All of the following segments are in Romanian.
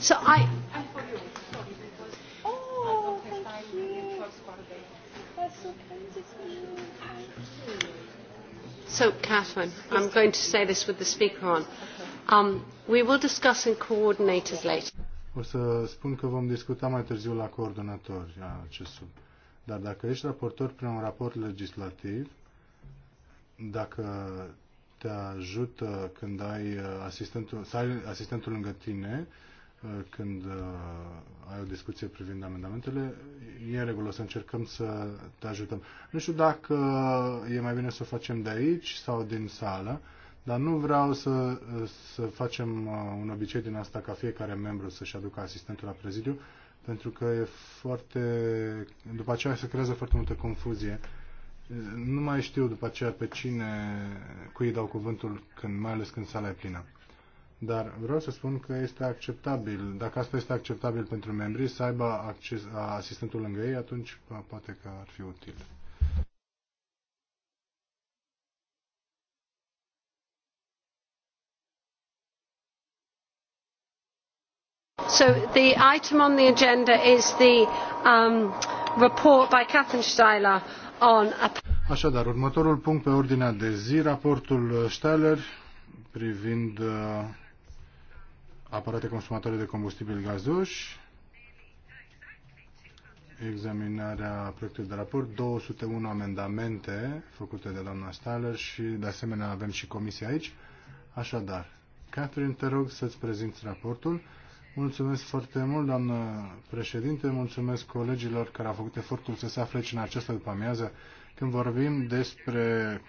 So I. so Catherine, I'm going to say this with the speaker on. Um, we will discuss in coordinators later. O să spun că vom discuta mai târziu la coordonatori acest sub. Dar dacă ești raportor prin un raport legislativ, dacă te ajută când ai uh, asistentul, să ai asistentul lângă tine, Uh, când uh, ai o discuție privind amendamentele, e în regulă să încercăm să te ajutăm. Nu știu dacă e mai bine să o facem de aici sau din sală, dar nu vreau să, uh, să facem un obicei din asta ca fiecare membru să-și aducă asistentul la prezidiu, pentru că e foarte... după aceea se creează foarte multă confuzie. Nu mai știu după aceea pe cine, cui dau cuvântul, când, mai ales când sala e plină. Dar vreau să spun că este acceptabil, dacă asta este acceptabil pentru membrii, să aibă acces, asistentul lângă ei, atunci poate că ar fi util. So the item on the agenda is the um, report by Catherine Steiler on... Așadar, următorul punct pe ordinea de zi, raportul Steiler privind uh, aparate consumatoare de combustibil gazoși, examinarea proiectului de raport, 201 amendamente făcute de doamna Staller și de asemenea avem și comisia aici. Așadar, Catherine, te rog să-ți prezinți raportul. Mulțumesc foarte mult, doamnă președinte, mulțumesc colegilor care au făcut efortul să se afle în această după amiază. Când vorbim despre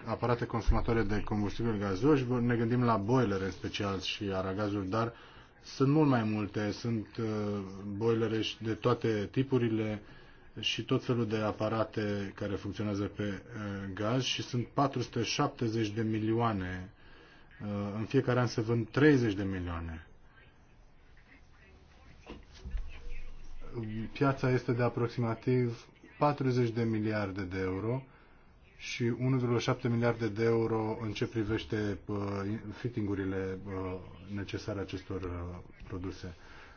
aparate consumatoare de combustibil gazoși, ne gândim la boilere în special și aragazuri, dar sunt mult mai multe, sunt uh, boilere de toate tipurile și tot felul de aparate care funcționează pe uh, gaz și sunt 470 de milioane. Uh, în fiecare an se vând 30 de milioane. Piața este de aproximativ 40 de miliarde de euro și 1,7 miliarde de euro în ce privește uh, fittingurile uh, necesare acestor uh, produse.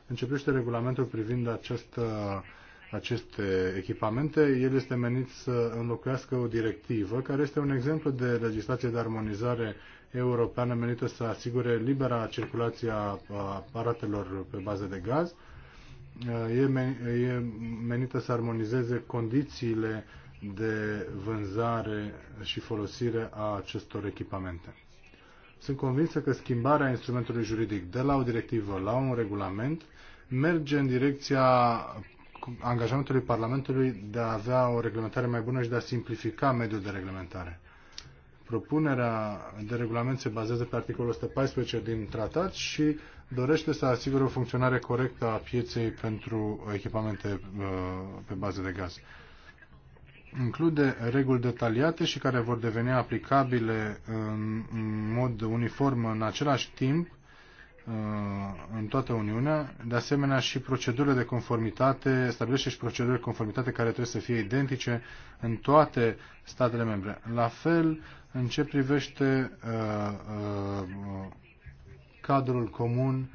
Începește regulamentul privind această, aceste echipamente. El este menit să înlocuiască o directivă care este un exemplu de legislație de armonizare europeană menită să asigure libera circulație a aparatelor pe bază de gaz. E menită să armonizeze condițiile de vânzare și folosire a acestor echipamente. Sunt convinsă că schimbarea instrumentului juridic de la o directivă la un regulament merge în direcția angajamentului Parlamentului de a avea o reglementare mai bună și de a simplifica mediul de reglementare. Propunerea de regulament se bazează pe articolul 114 din tratat și dorește să asigure o funcționare corectă a pieței pentru echipamente uh, pe bază de gaz include reguli detaliate și care vor deveni aplicabile în mod uniform în același timp uh, în toată Uniunea. De asemenea și procedurile de conformitate, stabilește și procedurile de conformitate care trebuie să fie identice în toate statele membre. La fel, în ce privește uh, uh, cadrul comun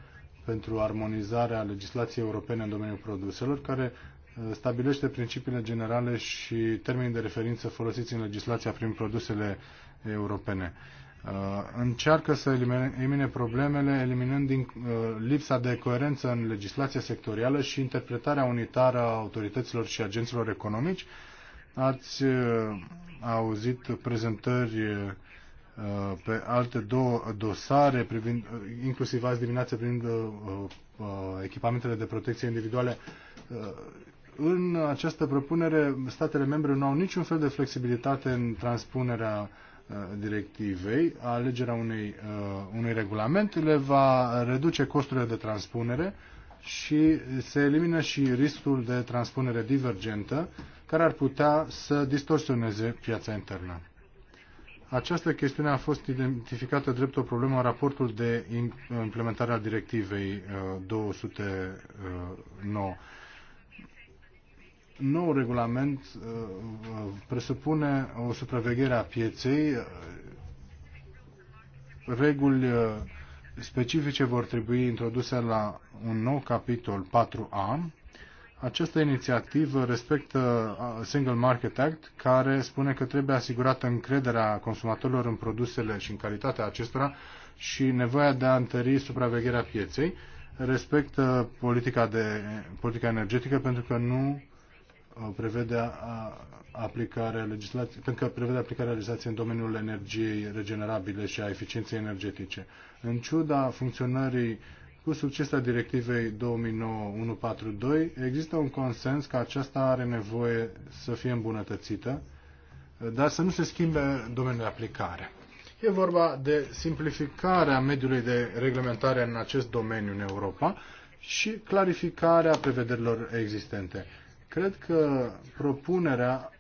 pentru armonizarea legislației europene în domeniul produselor, care stabilește principiile generale și termenii de referință folosiți în legislația prin produsele europene. Uh, încearcă să elimine problemele eliminând din, uh, lipsa de coerență în legislația sectorială și interpretarea unitară a autorităților și agenților economici. Ați uh, auzit prezentări pe alte două dosare, privind, inclusiv azi dimineață privind echipamentele de protecție individuale în această propunere statele membre nu au niciun fel de flexibilitate în transpunerea uh, directivei, alegerea unei, uh, unui regulament le va reduce costurile de transpunere și se elimină și riscul de transpunere divergentă care ar putea să distorsioneze piața internă. Această chestiune a fost identificată drept o problemă în raportul de implementare a directivei 209. Uh, nou regulament uh, uh, presupune o supraveghere a pieței. Reguli uh, specifice vor trebui introduse la un nou capitol 4A. Această inițiativă respectă Single Market Act, care spune că trebuie asigurată încrederea consumatorilor în produsele și în calitatea acestora și nevoia de a întări supravegherea pieței. Respectă politica, de, politica energetică pentru că nu Uh, prevede uh, aplicarea legislației, pentru că prevede aplicarea legislației în domeniul energiei regenerabile și a eficienței energetice. În ciuda funcționării cu succes a directivei 2009-142, există un consens că aceasta are nevoie să fie îmbunătățită, dar să nu se schimbe domeniul de aplicare. E vorba de simplificarea mediului de reglementare în acest domeniu în Europa și clarificarea prevederilor existente. Cred că propunerea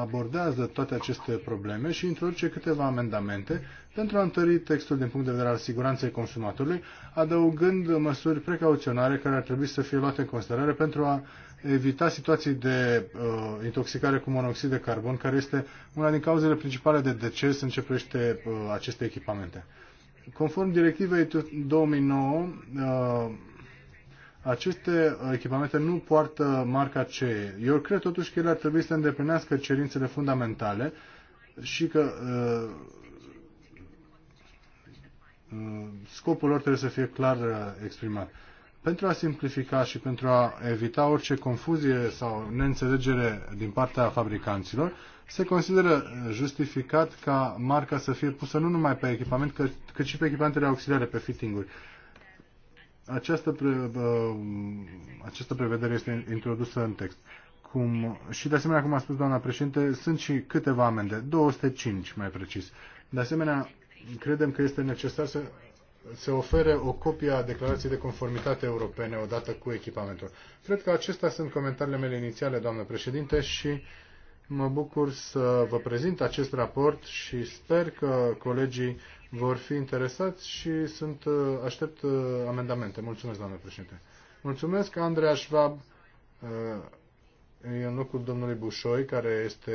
abordează toate aceste probleme și introduce câteva amendamente pentru a întări textul din punct de vedere al siguranței consumatorului, adăugând măsuri precauționare care ar trebui să fie luate în considerare pentru a evita situații de uh, intoxicare cu monoxid de carbon, care este una din cauzele principale de deces în ce privește uh, aceste echipamente. Conform directivei 2009, uh, aceste uh, echipamente nu poartă marca CE. Eu cred totuși că ele ar trebui să îndeplinească cerințele fundamentale și că uh, uh, scopul lor trebuie să fie clar exprimat. Pentru a simplifica și pentru a evita orice confuzie sau neînțelegere din partea fabricanților, se consideră justificat ca marca să fie pusă nu numai pe echipament, cât și pe echipamentele auxiliare, pe fittinguri. Această, pre, această prevedere este introdusă în text. Cum, și de asemenea, cum a spus doamna președinte, sunt și câteva amende, 205 mai precis. De asemenea, credem că este necesar să se ofere o copie a declarației de conformitate europene odată cu echipamentul. Cred că acestea sunt comentariile mele inițiale, doamnă președinte, și mă bucur să vă prezint acest raport și sper că colegii vor fi interesați și sunt, uh, aștept uh, amendamente. Mulțumesc, doamne președinte. Mulțumesc, Andreea Schwab uh, în locul domnului Bușoi, care este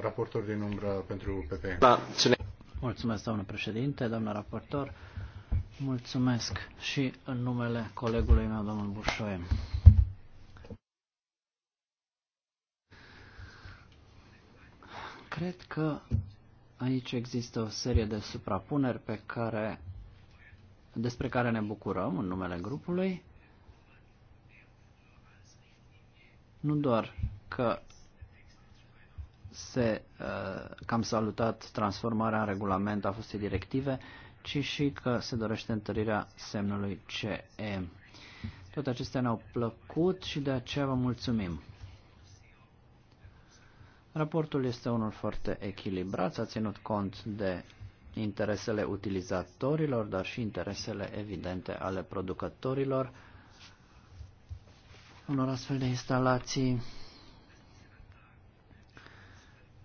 raportor din umbră pentru PP. Da, Mulțumesc, doamne președinte, doamne raportor. Mulțumesc și în numele colegului meu, domnul Bușoi. Cred că Aici există o serie de suprapuneri pe care, despre care ne bucurăm în numele grupului. Nu doar că se, uh, că am salutat transformarea în regulament a fostei directive, ci și că se dorește întărirea semnului CE. Toate acestea ne-au plăcut și de aceea vă mulțumim. Raportul este unul foarte echilibrat, s-a ținut cont de interesele utilizatorilor, dar și interesele evidente ale producătorilor unor astfel de instalații.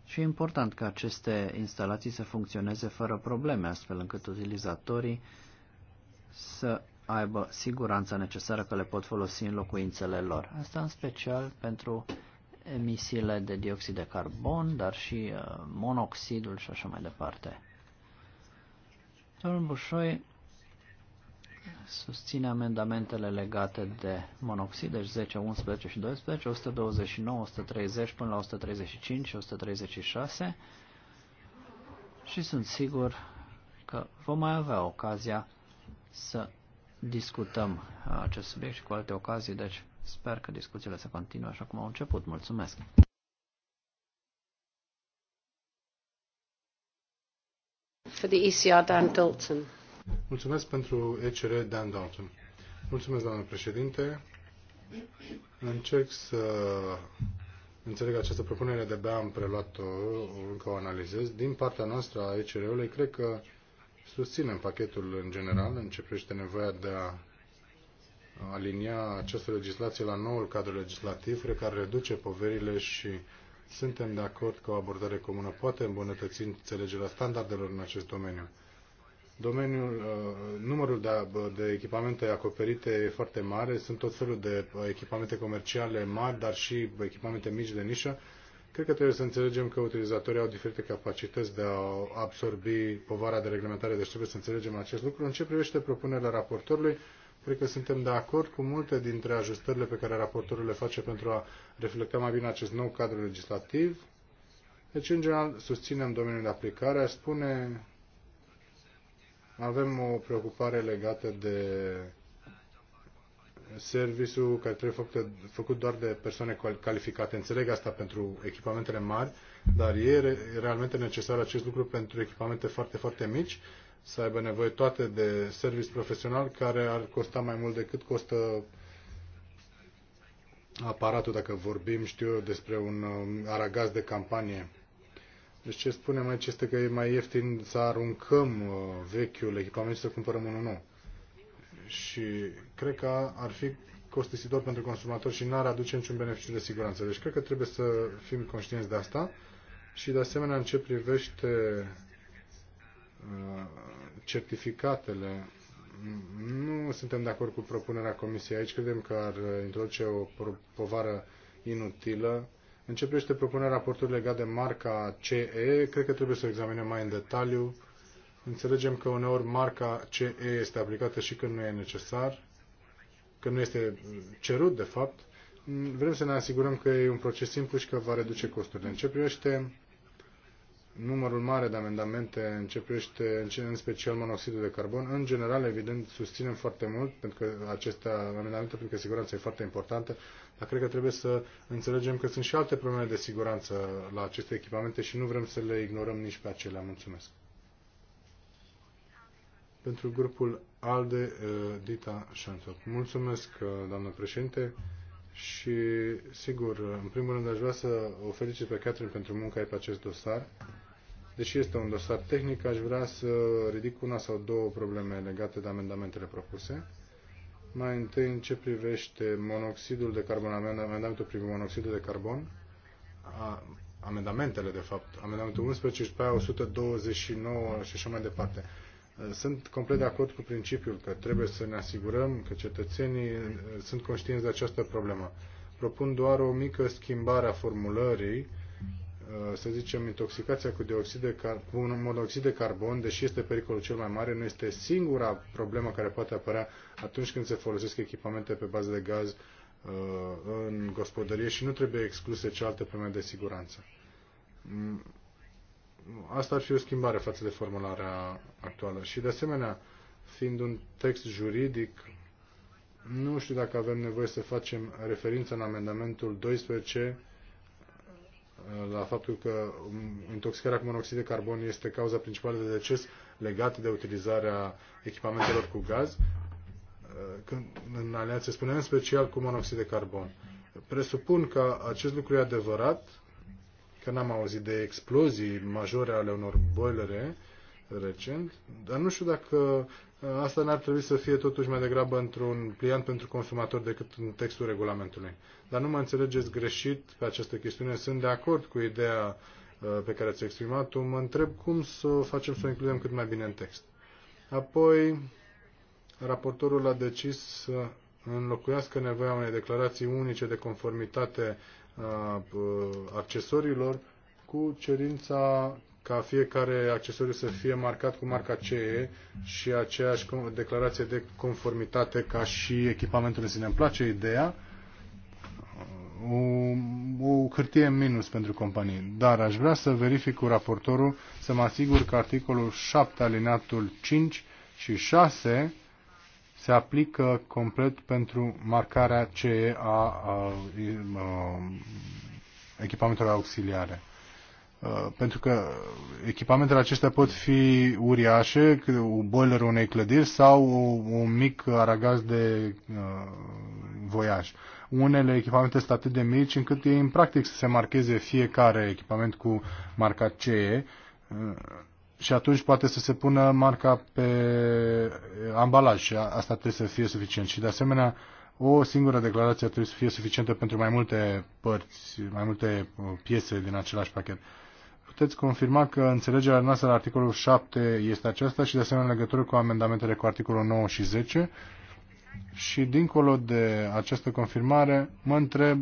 Și e important ca aceste instalații să funcționeze fără probleme, astfel încât utilizatorii să aibă siguranța necesară că le pot folosi în locuințele lor. Asta în special pentru emisiile de dioxid de carbon, dar și uh, monoxidul și așa mai departe. Domnul Bușoi susține amendamentele legate de monoxid, deci 10, 11 și 12, 129, 130 până la 135 și 136 și sunt sigur că vom mai avea ocazia să discutăm acest subiect și cu alte ocazii, deci Sper că discuțiile se continuă așa cum au început. Mulțumesc! For the ECR, Dan Dalton. Mulțumesc pentru ECR, Dan Dalton. Mulțumesc, doamnă președinte. Încerc să înțeleg această propunere, de-abia am preluat-o, încă o analizez. Din partea noastră a ECR-ului, cred că susținem pachetul în general, în ce privește nevoia de a alinia această legislație la noul cadru legislativ care reduce poverile și suntem de acord că o abordare comună poate îmbunătăți înțelegerea standardelor în acest domeniu. Domeniul, uh, numărul de, de echipamente acoperite e foarte mare, sunt tot felul de uh, echipamente comerciale mari, dar și echipamente mici de nișă. Cred că trebuie să înțelegem că utilizatorii au diferite capacități de a absorbi povara de reglementare, deci trebuie să înțelegem acest lucru. În ce privește propunerea raportorului, Cred că suntem de acord cu multe dintre ajustările pe care raportorul le face pentru a reflecta mai bine acest nou cadru legislativ. Deci, în general, susținem domeniul de aplicare. Aș spune, avem o preocupare legată de serviciul care trebuie făcut, făcut doar de persoane calificate. Înțeleg asta pentru echipamentele mari, dar e realmente necesar acest lucru pentru echipamente foarte, foarte mici să aibă nevoie toate de servici profesional care ar costa mai mult decât costă aparatul, dacă vorbim, știu eu, despre un um, aragaz de campanie. Deci ce spunem aici este că e mai ieftin să aruncăm uh, vechiul echipament și să cumpărăm unul nou. Și cred că ar fi costisitor pentru consumator și n-ar aduce niciun beneficiu de siguranță. Deci cred că trebuie să fim conștienți de asta și de asemenea în ce privește Uh, certificatele. Nu suntem de acord cu propunerea Comisiei aici. Credem că ar introduce o povară inutilă. În ce privește propunerea raportului legat de marca CE, cred că trebuie să o examinăm mai în detaliu. Înțelegem că uneori marca CE este aplicată și când nu e necesar, că nu este cerut, de fapt. Vrem să ne asigurăm că e un proces simplu și că va reduce costurile. În ce privește numărul mare de amendamente începește în special monoxidul de carbon. În general, evident, susținem foarte mult pentru că aceste amendamente, pentru că siguranța e foarte importantă, dar cred că trebuie să înțelegem că sunt și alte probleme de siguranță la aceste echipamente și nu vrem să le ignorăm nici pe acelea. Mulțumesc. Pentru grupul ALDE, uh, Dita Șanțoc. Mulțumesc, uh, doamnă președinte. Și, sigur, în primul rând aș vrea să o felicit pe Catherine pentru munca ei pe acest dosar. Deși este un dosar tehnic, aș vrea să ridic una sau două probleme legate de amendamentele propuse. Mai întâi, în ce privește monoxidul de carbon, amendamentul privind monoxidul de carbon, a, amendamentele, de fapt, amendamentul 11 și pe 129 și așa mai departe. Sunt complet de acord cu principiul că trebuie să ne asigurăm că cetățenii uh, sunt conștienți de această problemă. Propun doar o mică schimbare a formulării Uh, să zicem, intoxicația cu, dioxid de car- cu un monoxid de carbon, deși este pericolul cel mai mare, nu este singura problemă care poate apărea atunci când se folosesc echipamente pe bază de gaz uh, în gospodărie și nu trebuie excluse cealaltă probleme de siguranță. Mm, asta ar fi o schimbare față de formularea actuală. Și, de asemenea, fiind un text juridic, nu știu dacă avem nevoie să facem referință în amendamentul 12 la faptul că intoxicarea cu monoxid de carbon este cauza principală de deces legat de utilizarea echipamentelor cu gaz, uh, când în alianță spuneam în special cu monoxid de carbon. Presupun că acest lucru e adevărat, că n-am auzit de explozii majore ale unor boilere recent, dar nu știu dacă asta n-ar trebui să fie totuși mai degrabă într-un pliant pentru consumator decât în textul regulamentului. Dar nu mă înțelegeți greșit pe această chestiune. Sunt de acord cu ideea uh, pe care ați exprimat-o. Mă întreb cum să o facem să o includem cât mai bine în text. Apoi, raportorul a decis să înlocuiască nevoia unei declarații unice de conformitate a uh, accesoriilor cu cerința ca fiecare accesoriu să fie marcat cu marca CE și aceeași declarație de conformitate ca și echipamentul în sine. Îmi place ideea. O, o hârtie minus pentru companii. Dar aș vrea să verific cu raportorul să mă asigur că articolul 7 alineatul 5 și 6 se aplică complet pentru marcarea CE a, a, a, a echipamentelor auxiliare. Uh, pentru că echipamentele acestea pot fi uriașe, un boiler, unei clădiri sau un mic aragaz de uh, voiaj. Unele echipamente sunt atât de mici încât e impractic să se marcheze fiecare echipament cu marca CE uh, și atunci poate să se pună marca pe ambalaj și asta trebuie să fie suficient. Și de asemenea, o singură declarație trebuie să fie suficientă pentru mai multe părți, mai multe piese din același pachet puteți confirma că înțelegerea noastră la articolul 7 este aceasta și de asemenea în legătură cu amendamentele cu articolul 9 și 10? Și dincolo de această confirmare, mă întreb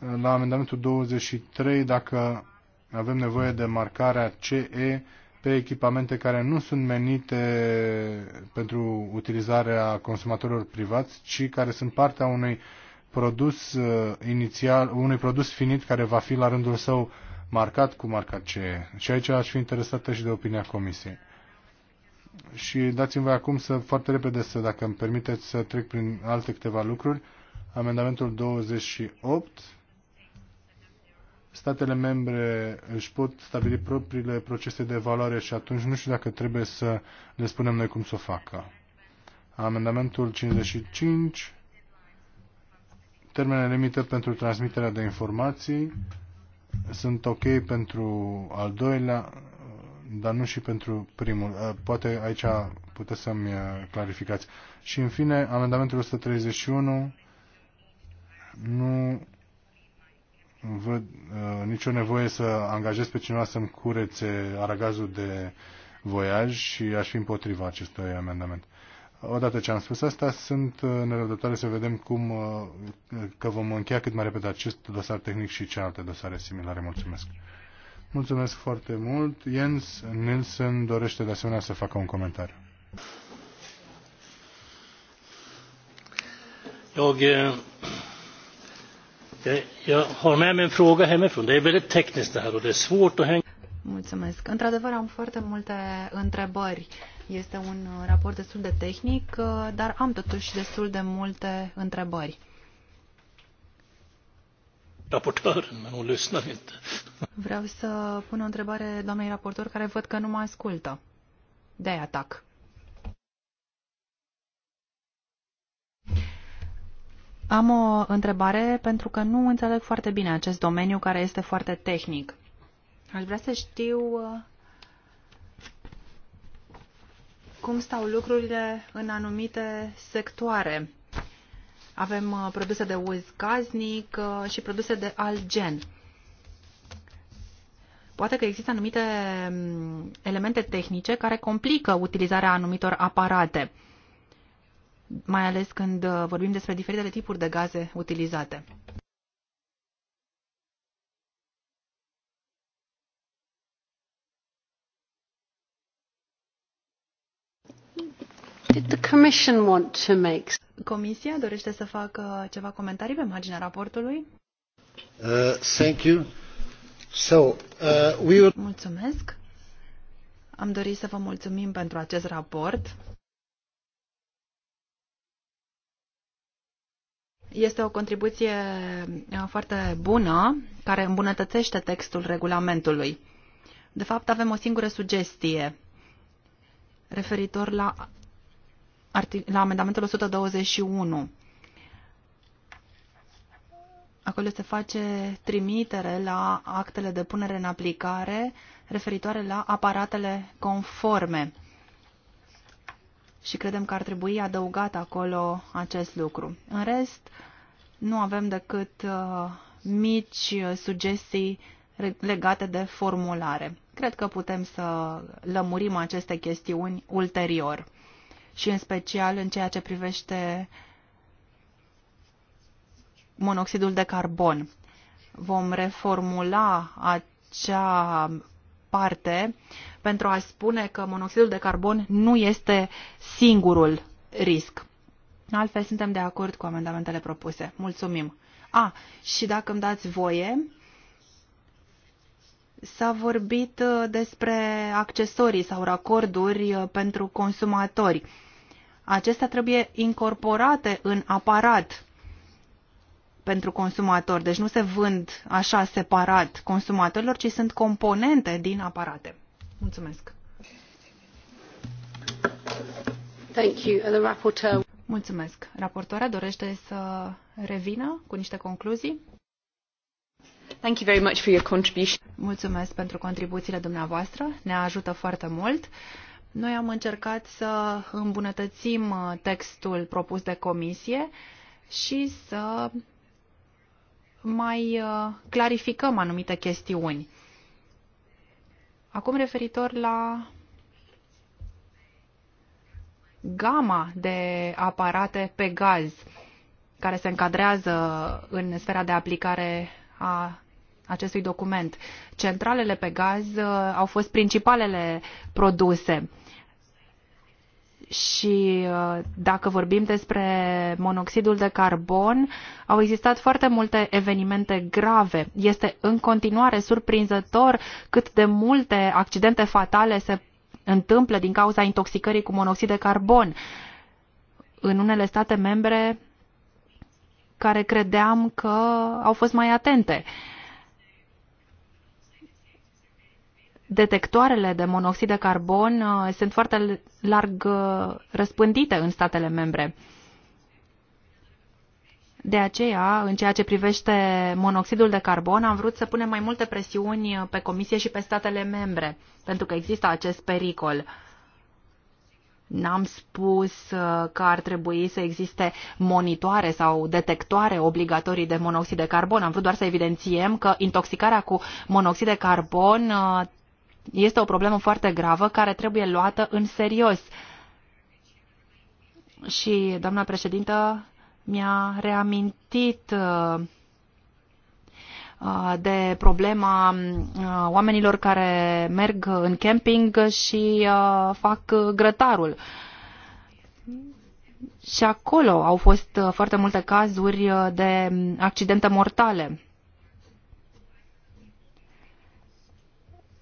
uh, la amendamentul 23 dacă avem nevoie de marcarea CE pe echipamente care nu sunt menite pentru utilizarea consumatorilor privați, ci care sunt partea unui produs uh, inițial, unui produs finit care va fi la rândul său marcat cu marcat CE. Și aici aș fi interesată și de opinia Comisiei. Și dați-mi voi acum să, foarte repede, să, dacă îmi permiteți, să trec prin alte câteva lucruri. Amendamentul 28. Statele membre își pot stabili propriile procese de evaluare și atunci nu știu dacă trebuie să le spunem noi cum să o facă. Amendamentul 55. Termenele limită pentru transmiterea de informații sunt ok pentru al doilea, dar nu și pentru primul. Eh, poate aici puteți să-mi eh, clarificați. Și în fine, amendamentul 131 nu văd uh, nicio nevoie să angajez pe cineva să-mi curețe aragazul de voiaj și aș fi împotriva acestui amendament. Odată ce am spus asta, sunt uh, nerăbdătoare să vedem cum, uh, că vom încheia cât mai repede acest dosar tehnic și celelalte dosare similare. Mulțumesc! Mulțumesc foarte mult. Jens Nilsson dorește de asemenea să facă un comentariu. Jag, eh, eh, jag har med mig en fråga hemifrån. Det är väldigt tekniskt det här och det är svårt att hänga... Mulțumesc. Într-adevăr am foarte multe întrebări este un uh, raport destul de tehnic, uh, dar am totuși destul de multe întrebări. Raportăren, nu Vreau să pun o întrebare doamnei raportor care văd că nu mă ascultă. de atac. Am o întrebare pentru că nu înțeleg foarte bine acest domeniu care este foarte tehnic. Aș vrea să știu uh, cum stau lucrurile în anumite sectoare. Avem uh, produse de uz gaznic uh, și produse de alt gen. Poate că există anumite mm, elemente tehnice care complică utilizarea anumitor aparate, mai ales când uh, vorbim despre diferitele tipuri de gaze utilizate. Did the commission want to make... Comisia dorește să facă ceva comentarii pe marginea raportului? Uh, thank you. So, uh, we Mulțumesc. Am dorit să vă mulțumim pentru acest raport. Este o contribuție uh, foarte bună care îmbunătățește textul regulamentului. De fapt, avem o singură sugestie referitor la la amendamentul 121. Acolo se face trimitere la actele de punere în aplicare referitoare la aparatele conforme. Și credem că ar trebui adăugat acolo acest lucru. În rest, nu avem decât uh, mici sugestii legate de formulare. Cred că putem să lămurim aceste chestiuni ulterior și în special în ceea ce privește monoxidul de carbon. Vom reformula acea parte pentru a spune că monoxidul de carbon nu este singurul risc. Altfel, suntem de acord cu amendamentele propuse. Mulțumim. A, și dacă îmi dați voie, s-a vorbit uh, despre accesorii sau racorduri uh, pentru consumatori acestea trebuie incorporate în aparat pentru consumator. Deci nu se vând așa separat consumatorilor, ci sunt componente din aparate. Mulțumesc. Thank you. the rapporteur... Mulțumesc. Raportoarea dorește să revină cu niște concluzii. Thank you very much for your contribution. Mulțumesc pentru contribuțiile dumneavoastră. Ne ajută foarte mult. Noi am încercat să îmbunătățim uh, textul propus de comisie și să mai uh, clarificăm anumite chestiuni. Acum referitor la gama de aparate pe gaz care se încadrează în sfera de aplicare a acestui document. Centralele pe gaz uh, au fost principalele produse și uh, dacă vorbim despre monoxidul de carbon, au existat foarte multe evenimente grave. Este în continuare surprinzător cât de multe accidente fatale se întâmplă din cauza intoxicării cu monoxid de carbon. În unele state membre care credeam că au fost mai atente. Uh, detectoarele de monoxid de carbon uh, sunt foarte larg uh, răspândite în statele membre. De aceea, în ceea ce privește monoxidul de carbon, am vrut să punem mai multe presiuni uh, pe Comisie și pe statele membre, pentru că există acest pericol. N-am spus că ar trebui să existe monitoare sau detectoare obligatorii de monoxid de carbon. Am vrut doar să evidențiem că intoxicarea cu monoxid de carbon este o problemă foarte gravă care trebuie luată în serios. Și doamna președintă mi-a reamintit uh, de problema uh, oamenilor care merg în camping și uh, fac grătarul. Și acolo au fost foarte multe cazuri de accidente mortale.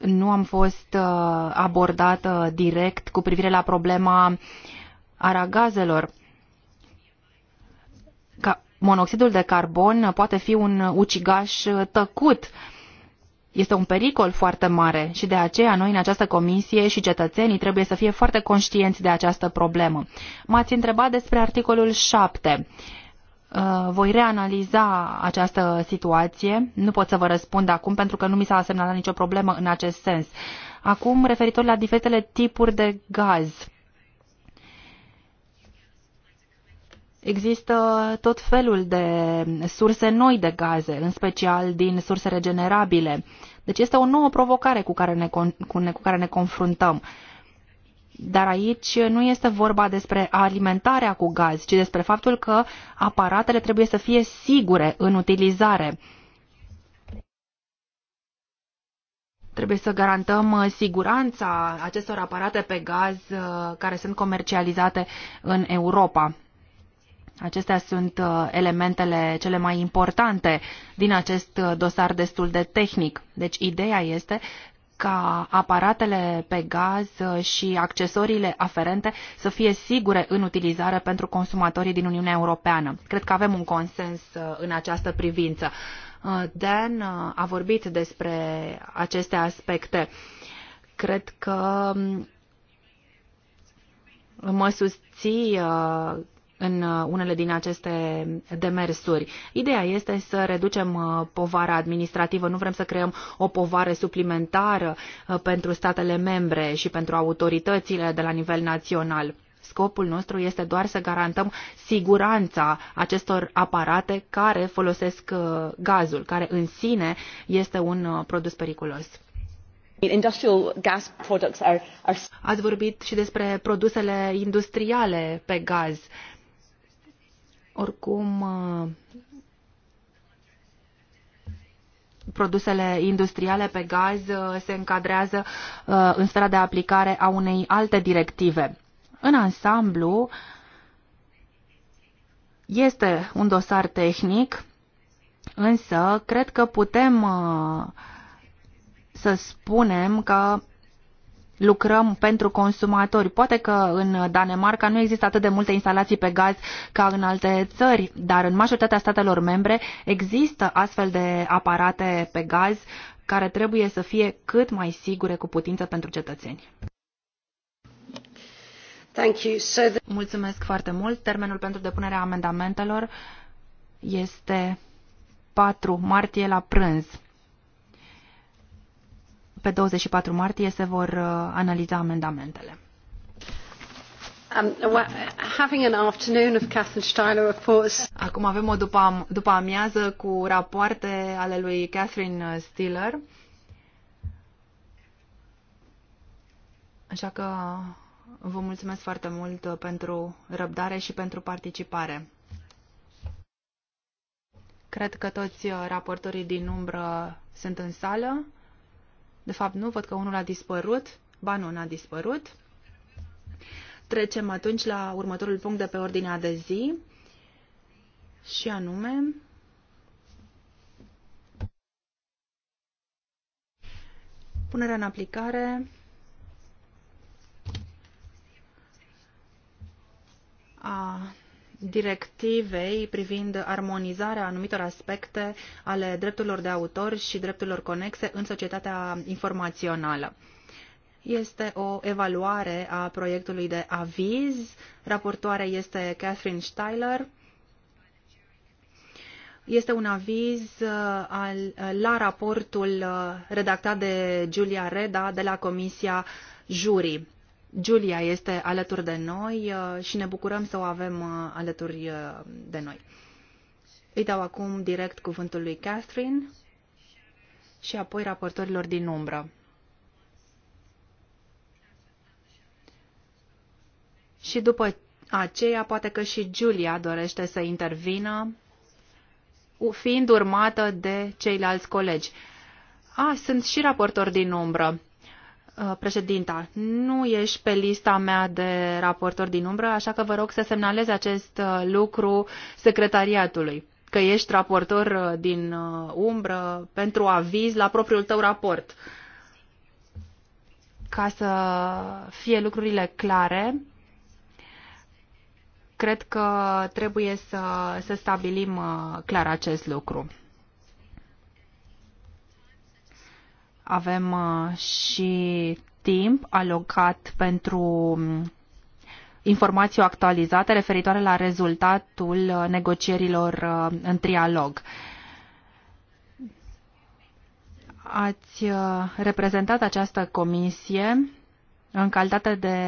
nu am fost uh, abordată direct cu privire la problema aragazelor. Ca monoxidul de carbon poate fi un ucigaș uh, tăcut. Este un pericol foarte mare și de aceea noi în această comisie și cetățenii trebuie să fie foarte conștienți de această problemă. M-ați întrebat despre articolul 7 Uh, voi reanaliza această situație. Nu pot să vă răspund acum pentru că nu mi s-a semnalat nicio problemă în acest sens. Acum, referitor la diferitele tipuri de gaz. Există tot felul de surse noi de gaze, în special din surse regenerabile. Deci este o nouă provocare cu care ne, cu, cu care ne confruntăm. Uh, dar aici nu este vorba despre alimentarea cu gaz, ci despre faptul că aparatele trebuie să fie sigure în utilizare. Trebuie să garantăm uh, siguranța acestor aparate pe gaz uh, care sunt comercializate în Europa. Acestea sunt uh, elementele cele mai importante din acest dosar destul de tehnic. Deci ideea este ca aparatele pe gaz uh, și accesoriile aferente să fie sigure în utilizare pentru consumatorii din Uniunea Europeană. Cred că avem un consens uh, în această privință. Uh, Dan a vorbit despre aceste aspecte. Cred că mm, mă susții în uh, unele din aceste demersuri. Ideea este să reducem uh, povara administrativă, nu vrem să creăm o povară suplimentară uh, pentru statele membre și pentru autoritățile de la nivel național. Scopul nostru este doar să garantăm siguranța acestor aparate care folosesc gazul, care în sine este un produs periculos. Industrial gas products are, are... Ați vorbit și despre produsele industriale pe gaz. Oricum, uh, produsele industriale pe gaz uh, se încadrează uh, în sfera de aplicare a unei alte directive. În ansamblu, este un dosar tehnic, însă cred că putem să spunem că lucrăm pentru consumatori. Poate că în Danemarca nu există atât de multe instalații pe gaz ca în alte țări, dar în majoritatea statelor membre există astfel de aparate pe gaz care trebuie să fie cât mai sigure cu putință pentru cetățeni. Mulțumesc foarte mult. Termenul pentru depunerea amendamentelor este 4 martie la prânz. Pe 24 martie se vor uh, analiza amendamentele. Um, Acum avem o după, după amiază cu rapoarte ale lui Catherine uh, Stiller. Așa că vă mulțumesc foarte mult uh, pentru răbdare și pentru participare. Cred că toți raportorii din umbră sunt în sală. De fapt, nu, văd că unul a dispărut. Ba nu, n-a dispărut. Trecem atunci la următorul punct de pe ordinea de zi și anume punerea în aplicare a directivei privind armonizarea anumitor aspecte ale drepturilor de autor și drepturilor conexe în societatea informațională. Este o evaluare a proiectului de aviz. Raportoarea este Catherine Steiler. Este un aviz uh, al, uh, la raportul uh, redactat de Julia Reda de la Comisia Jurii Julia este alături de noi uh, și ne bucurăm să o avem uh, alături uh, de noi. Îi dau acum direct cuvântul lui Catherine și apoi raportorilor din umbră. Și după aceea, poate că și Julia dorește să intervină, fiind urmată de ceilalți colegi. A, sunt și raportori din umbră. Uh, președinta, nu ești pe lista mea de raportori din umbră, așa că vă rog să semnalezi acest uh, lucru secretariatului, că ești raportor uh, din umbră pentru aviz la propriul tău raport. Ca să fie lucrurile clare, cred că trebuie să, să stabilim clar acest lucru. Avem uh, și timp alocat pentru um, informații actualizate referitoare la rezultatul uh, negocierilor uh, în trialog. Ați reprezentat această comisie în calitate de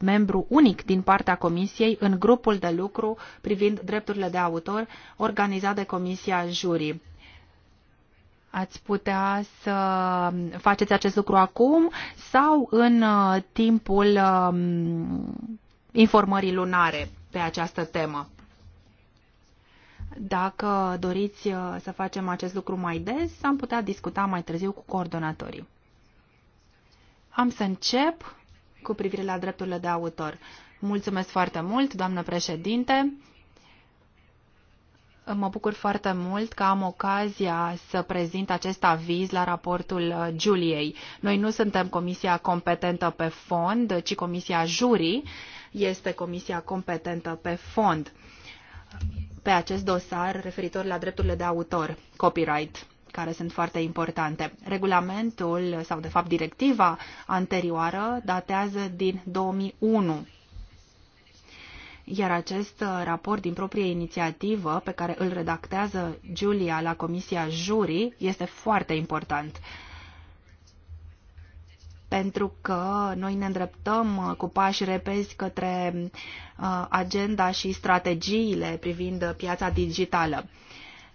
membru unic din partea Comisiei în grupul de lucru privind drepturile de autor organizat de Comisia Jurii. Ați putea să faceți acest lucru acum sau în uh, timpul um, informării lunare pe această temă? Dacă doriți uh, să facem acest lucru mai des, am putea discuta mai târziu cu coordonatorii. Am să încep cu privire la drepturile de autor. Mulțumesc foarte mult, doamnă președinte. Mă bucur foarte mult că am ocazia să prezint acest aviz la raportul Juliei. Uh, Noi nu suntem comisia competentă pe fond, ci comisia jurii este comisia competentă pe fond pe acest dosar referitor la drepturile de autor, copyright care sunt foarte importante. Regulamentul, sau de fapt directiva anterioară, datează din 2001 iar acest uh, raport din proprie inițiativă pe care îl redactează Julia la Comisia Jurii este foarte important pentru că noi ne îndreptăm uh, cu pași repezi către uh, agenda și strategiile privind piața digitală.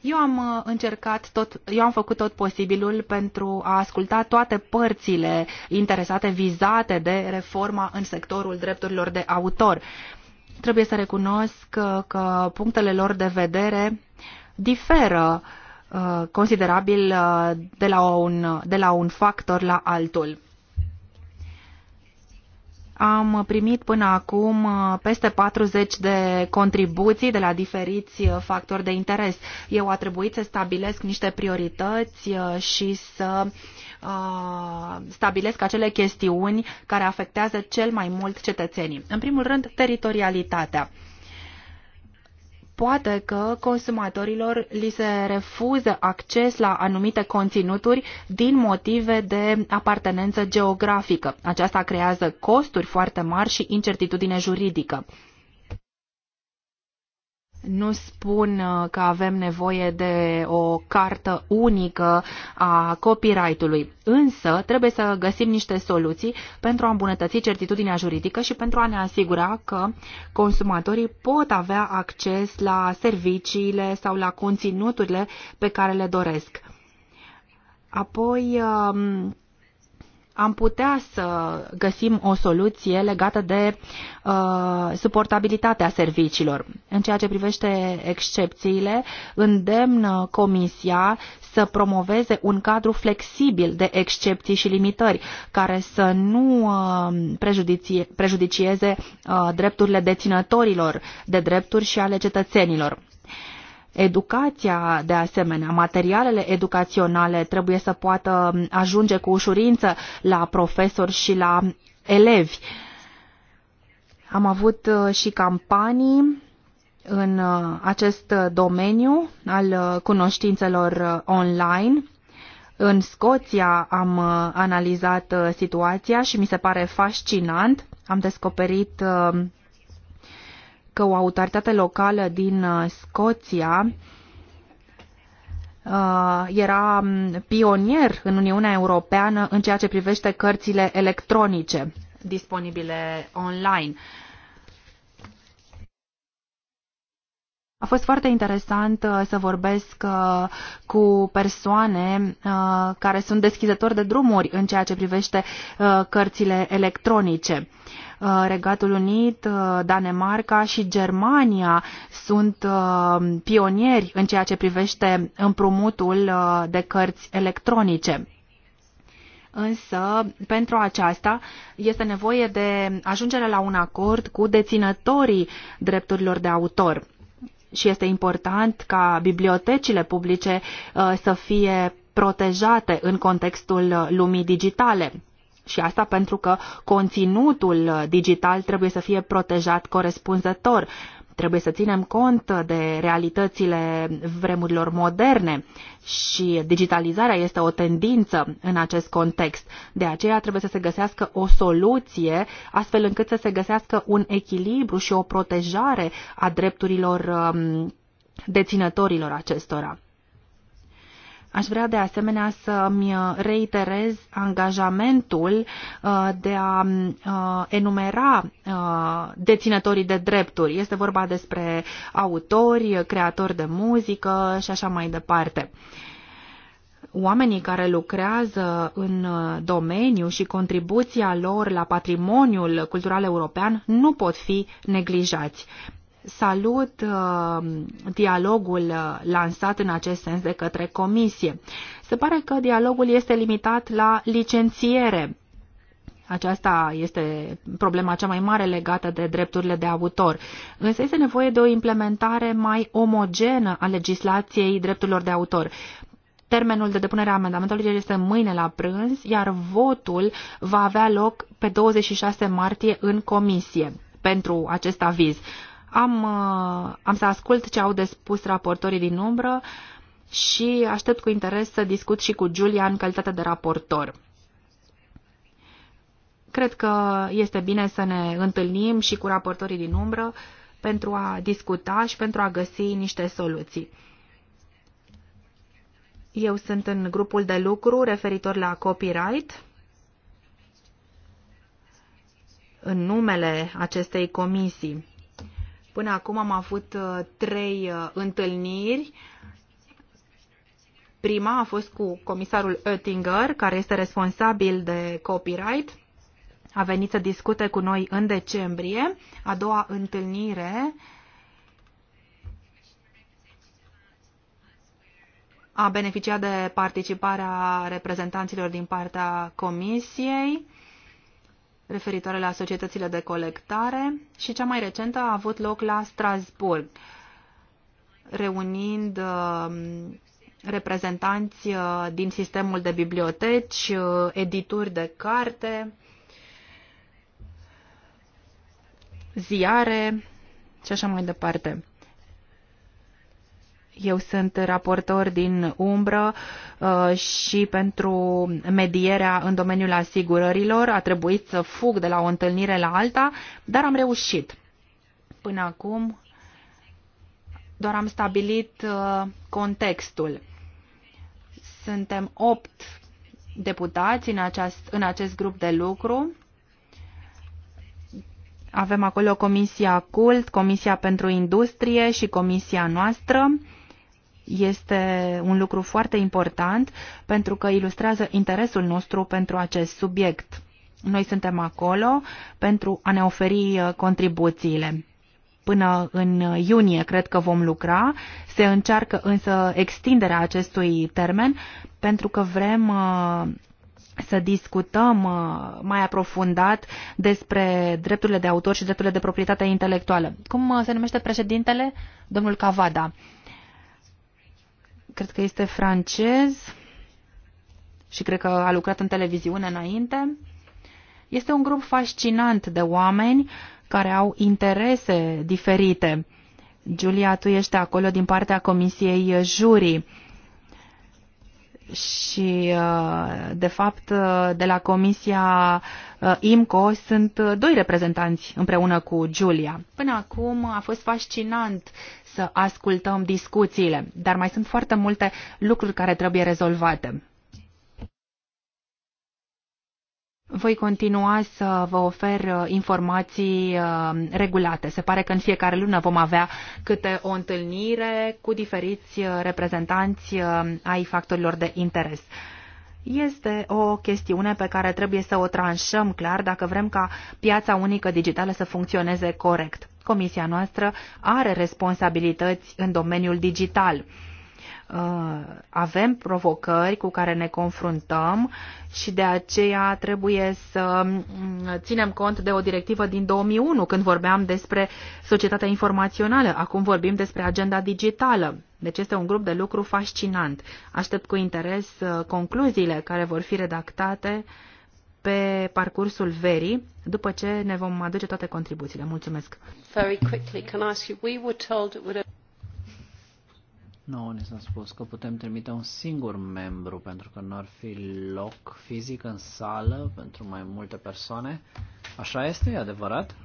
Eu am încercat tot, eu am făcut tot posibilul pentru a asculta toate părțile interesate, vizate de reforma în sectorul drepturilor de autor. Uh, trebuie să recunosc că, că punctele lor de vedere diferă uh, considerabil uh, de la, un, de la un factor la altul. Am primit până acum uh, peste 40 de contribuții de la diferiți uh, factori de interes. Eu a trebuit să stabilesc niște priorități uh, și să uh, Uh, stabilesc acele chestiuni care afectează cel mai mult cetățenii. În primul rând, teritorialitatea poate că consumatorilor li se refuză acces la anumite conținuturi din motive de apartenență geografică. Aceasta creează costuri foarte mari și incertitudine juridică. Nu spun uh, că avem nevoie de o cartă unică a copyright-ului, însă trebuie să găsim niște soluții pentru a îmbunătăți certitudinea juridică și pentru a ne asigura că consumatorii pot avea acces la serviciile sau la conținuturile pe care le doresc. Apoi, um, am putea să găsim o soluție legată de uh, suportabilitatea serviciilor. În ceea ce privește excepțiile, îndemn Comisia să promoveze un cadru flexibil de excepții și limitări, care să nu uh, prejudicieze uh, drepturile deținătorilor de drepturi și ale cetățenilor. Educația, de asemenea, materialele educaționale trebuie să poată ajunge cu ușurință la profesori și la elevi. Am avut uh, și campanii în uh, acest domeniu al uh, cunoștințelor online. În Scoția am analizat situația și mi se pare fascinant. Am descoperit că o autoritate locală din uh, Scoția uh, era mm, pionier în Uniunea Europeană în ceea ce privește cărțile electronice disponibile online. A fost foarte interesant uh, să vorbesc cu persoane care sunt deschizători de drumuri în ceea ce privește cărțile electronice. Uh, Regatul Unit, uh, Danemarca și Germania sunt uh, pionieri în ceea ce privește împrumutul de cărți electronice. Însă, pentru aceasta este nevoie de ajungere la un acord cu deținătorii drepturilor de autor și este important ca bibliotecile publice să fie protejate în contextul lumii digitale. Și asta pentru că conținutul digital trebuie să fie protejat corespunzător. Trebuie să ținem cont de realitățile vremurilor moderne și digitalizarea este o tendință în acest context. De aceea trebuie să se găsească o soluție astfel încât să se găsească un echilibru și o protejare a drepturilor um, deținătorilor acestora. Aș vrea de asemenea să-mi uh, reiterez angajamentul uh, de a uh, enumera deținătorii de drepturi. Este vorba despre autori, creatori de muzică și așa mai departe oamenii care lucrează în domeniu și contribuția lor la patrimoniul cultural european nu pot fi neglijați salut uh, dialogul uh, lansat în acest sens de către comisie. Se pare că dialogul este limitat la licențiere. Aceasta este problema cea mai mare legată de drepturile de autor. Însă este nevoie de o implementare mai omogenă a legislației drepturilor de autor. Termenul de depunere a amendamentului este mâine la prânz, iar votul va avea loc pe 26 martie în comisie pentru acest aviz. Am, uh, am să ascult ce au de spus raportorii din umbră și aștept cu interes să discut și cu Julia în calitate de raportor. Cred că este bine să ne întâlnim și cu raportorii din umbră pentru a discuta și pentru a găsi niște soluții. Eu sunt în grupul de lucru referitor la copyright. În numele acestei comisii. Până acum am avut uh, trei uh, întâlniri. Prima a fost cu comisarul Oettinger, care este responsabil de copyright. A venit să discute cu noi în decembrie. A doua întâlnire a beneficiat de participarea reprezentanților din partea comisiei referitoare la societățile de colectare și cea mai recentă a avut loc la Strasburg, reunind uh, reprezentanți uh, din sistemul de biblioteci, uh, edituri de carte, ziare și așa mai departe. Eu sunt raportor din umbră uh, și pentru medierea în domeniul asigurărilor. A trebuit să fug de la o întâlnire la alta, dar am reușit. Până acum doar am stabilit uh, contextul. Suntem opt deputați în acest, în acest grup de lucru. Avem acolo Comisia Cult, Comisia pentru Industrie și Comisia noastră este un lucru foarte important pentru că ilustrează interesul nostru pentru acest subiect. Noi suntem acolo pentru a ne oferi uh, contribuțiile. Până în iunie cred că vom lucra, se încearcă însă extinderea acestui termen pentru că vrem uh, să discutăm uh, mai aprofundat despre drepturile de autor și drepturile de proprietate intelectuală. Cum se numește președintele? Domnul Cavada cred că este francez și cred că a lucrat în televiziune înainte. Este un grup fascinant de oameni care au interese diferite. Julia, tu ești acolo din partea Comisiei Jurii și, uh, de fapt, uh, de la Comisia uh, IMCO sunt doi reprezentanți împreună cu Giulia. Până acum a fost fascinant să ascultăm discuțiile, dar mai sunt foarte multe lucruri care trebuie rezolvate. Voi continua să vă ofer uh, informații uh, regulate. Se pare că în fiecare lună vom avea câte o întâlnire cu diferiți uh, reprezentanți ai factorilor de interes. Este o chestiune pe care trebuie să o tranșăm clar dacă vrem ca piața unică digitală să funcționeze corect. Comisia noastră are responsabilități în domeniul digital Uh, avem provocări cu care ne confruntăm și de aceea trebuie să mm, ținem cont de o directivă din 2001 când vorbeam despre societatea informațională. Acum vorbim despre agenda digitală. Deci este un grup de lucru fascinant. Aștept cu interes uh, concluziile care vor fi redactate pe parcursul verii, după ce ne vom aduce toate contribuțiile. Mulțumesc! Very quickly, can I ask you, we were told it would... Nouă ni s-a spus că putem trimite un singur membru pentru că nu ar fi loc fizic în sală pentru mai multe persoane. Așa este? E adevărat?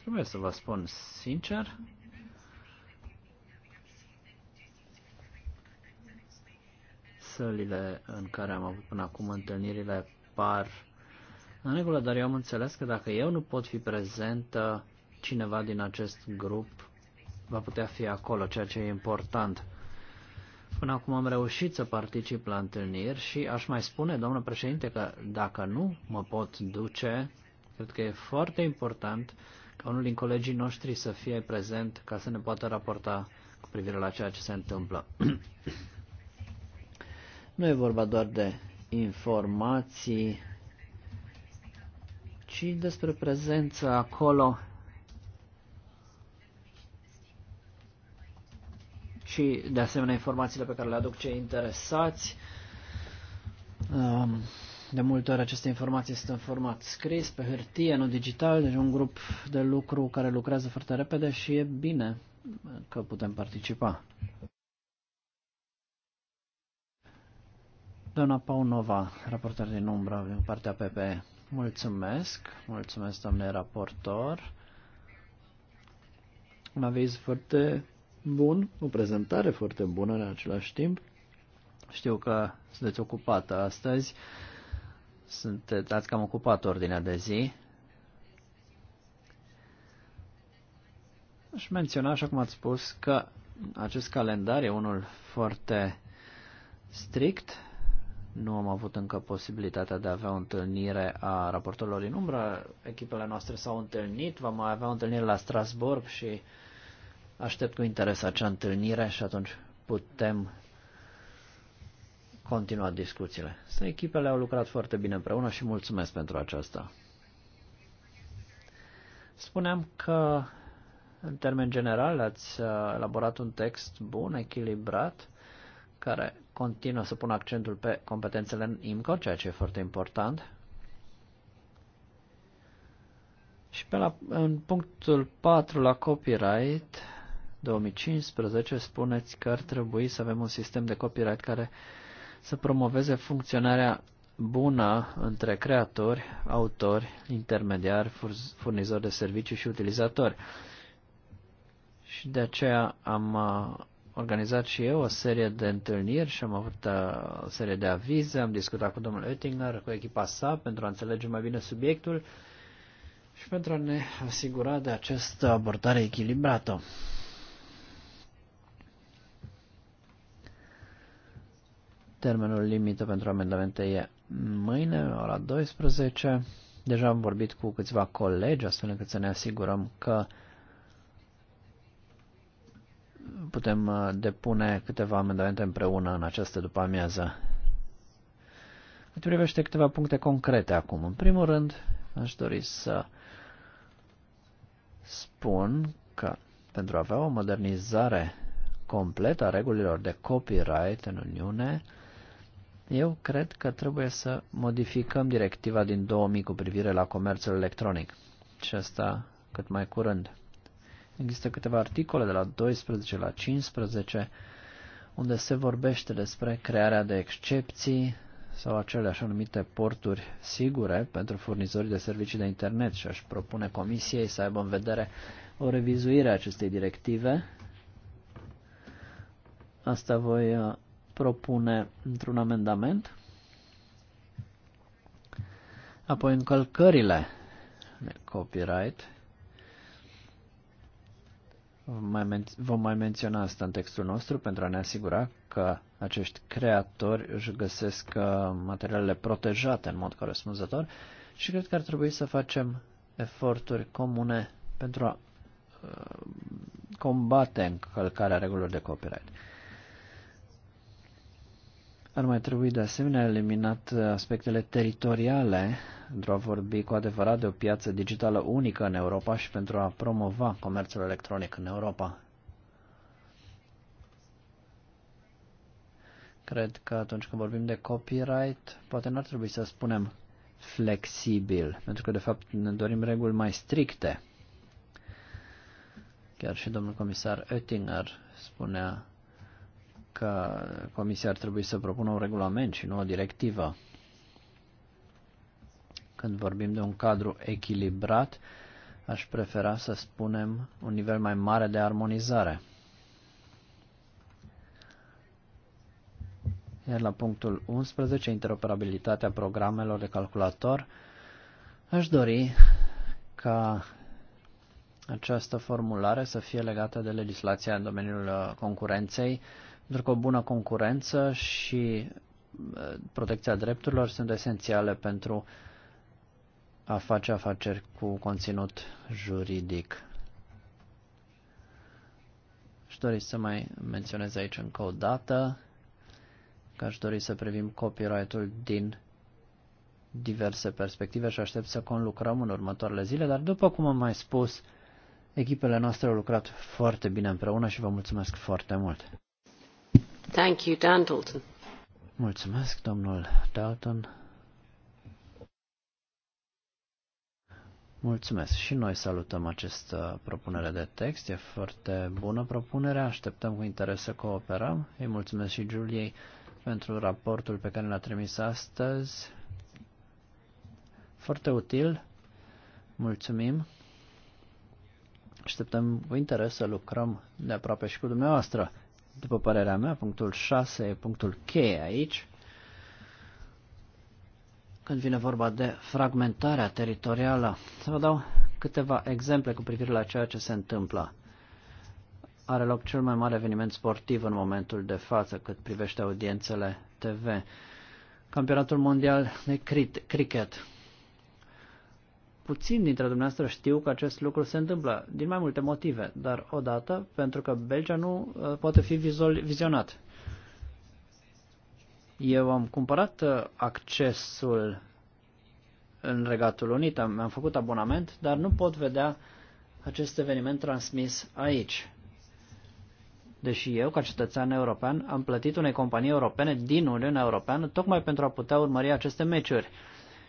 Trebuie să vă spun sincer. Sălile în care am avut până acum întâlnirile par în regulă, dar eu am înțeles că dacă eu nu pot fi prezentă, cineva din acest grup va putea fi acolo, ceea ce e important. Până acum am reușit să particip la întâlniri și aș mai spune, domnul președinte, că dacă nu mă pot duce, cred că e foarte important ca unul din colegii noștri să fie prezent ca să ne poată raporta cu privire la ceea ce se întâmplă. nu e vorba doar de informații, ci despre prezența acolo și de asemenea informațiile pe care le aduc cei interesați. De multe ori aceste informații sunt în format scris, pe hârtie, nu digital, deci un grup de lucru care lucrează foarte repede și e bine că putem participa. Doamna Paunova, raportor din umbră din partea PPE. Mulțumesc, mulțumesc domnule raportor. Un aviz foarte bun, o prezentare foarte bună în același timp. Știu că sunteți ocupată astăzi, sunteți, ați cam ocupat ordinea de zi. Aș menționa, așa cum ați spus, că acest calendar e unul foarte strict. Nu am avut încă posibilitatea de a avea o întâlnire a raportorilor din umbră. Echipele noastre s-au întâlnit, vom mai avea o întâlnire la Strasburg și Aștept cu interes acea întâlnire și atunci putem continua discuțiile. Să echipele au lucrat foarte bine împreună și mulțumesc pentru aceasta. Spuneam că, în termen general, ați uh, elaborat un text bun, echilibrat, care continuă să pună accentul pe competențele în IMCO, ceea ce e foarte important. Și pe la, în punctul 4 la copyright, 2015 spuneți că ar trebui să avem un sistem de copyright care să promoveze funcționarea bună între creatori, autori, intermediari, furnizori de servicii și utilizatori. Și de aceea am uh, organizat și eu o serie de întâlniri și am avut uh, o serie de avize, am discutat cu domnul Oettinger, cu echipa sa, pentru a înțelege mai bine subiectul și pentru a ne asigura de această abordare echilibrată. Termenul limită pentru amendamente e mâine, ora 12. Deja am vorbit cu câțiva colegi, astfel încât să ne asigurăm că putem uh, depune câteva amendamente împreună în această după amiază. Cât privește câteva puncte concrete acum. În primul rând, aș dori să spun că pentru a avea o modernizare completă a regulilor de copyright în Uniune, eu cred că trebuie să modificăm directiva din 2000 cu privire la comerțul electronic și asta cât mai curând. Există câteva articole de la 12 la 15 unde se vorbește despre crearea de excepții sau acele așa numite porturi sigure pentru furnizorii de servicii de internet și aș propune comisiei să aibă în vedere o revizuire a acestei directive. Asta voi uh, propune într-un amendament. Apoi încălcările de copyright. Vom mai, menționa asta în textul nostru pentru a ne asigura că acești creatori își găsesc uh, materialele protejate în mod corespunzător și cred că ar trebui să facem eforturi comune pentru a uh, combate încălcarea regulilor de copyright. Ar mai trebui de asemenea eliminat aspectele teritoriale pentru a vorbi cu adevărat de o piață digitală unică în Europa și pentru a promova comerțul electronic în Europa. Cred că atunci când vorbim de copyright, poate n-ar trebui să spunem flexibil, pentru că de fapt ne dorim reguli mai stricte. Chiar și domnul comisar Oettinger spunea că Comisia ar trebui să propună un regulament și nu o directivă. Când vorbim de un cadru echilibrat, aș prefera să spunem un nivel mai mare de armonizare. Iar la punctul 11, interoperabilitatea programelor de calculator, aș dori ca această formulare să fie legată de legislația în domeniul uh, concurenței, pentru că o bună concurență și uh, protecția drepturilor sunt esențiale pentru a face afaceri cu conținut juridic. Aș dori să mai menționez aici încă o dată că aș dori să privim copyright-ul din diverse perspective și aștept să conlucrăm în următoarele zile, dar după cum am mai spus, echipele noastre au lucrat foarte bine împreună și vă mulțumesc foarte mult! Thank you, Dan Dalton. Mulțumesc, domnul Dalton. Mulțumesc. Și noi salutăm această propunere de text. E foarte bună propunere. Așteptăm cu interes să cooperăm. Îi mulțumesc și Juliei pentru raportul pe care l-a trimis astăzi. Foarte util. Mulțumim. Așteptăm cu interes să lucrăm de aproape și cu dumneavoastră. După părerea mea, punctul 6 e punctul cheie aici. Când vine vorba de fragmentarea teritorială, să vă dau câteva exemple cu privire la ceea ce se întâmplă. Are loc cel mai mare eveniment sportiv în momentul de față cât privește audiențele TV. Campionatul mondial de cricket, puțin dintre dumneavoastră știu că acest lucru se întâmplă, din mai multe motive, dar odată pentru că Belgia nu uh, poate fi vizionat. Eu am cumpărat uh, accesul în Regatul Unit, am, am făcut abonament, dar nu pot vedea acest eveniment transmis aici. Deși eu, ca cetățean european, am plătit unei companii europene din Uniunea Europeană tocmai pentru a putea urmări aceste meciuri.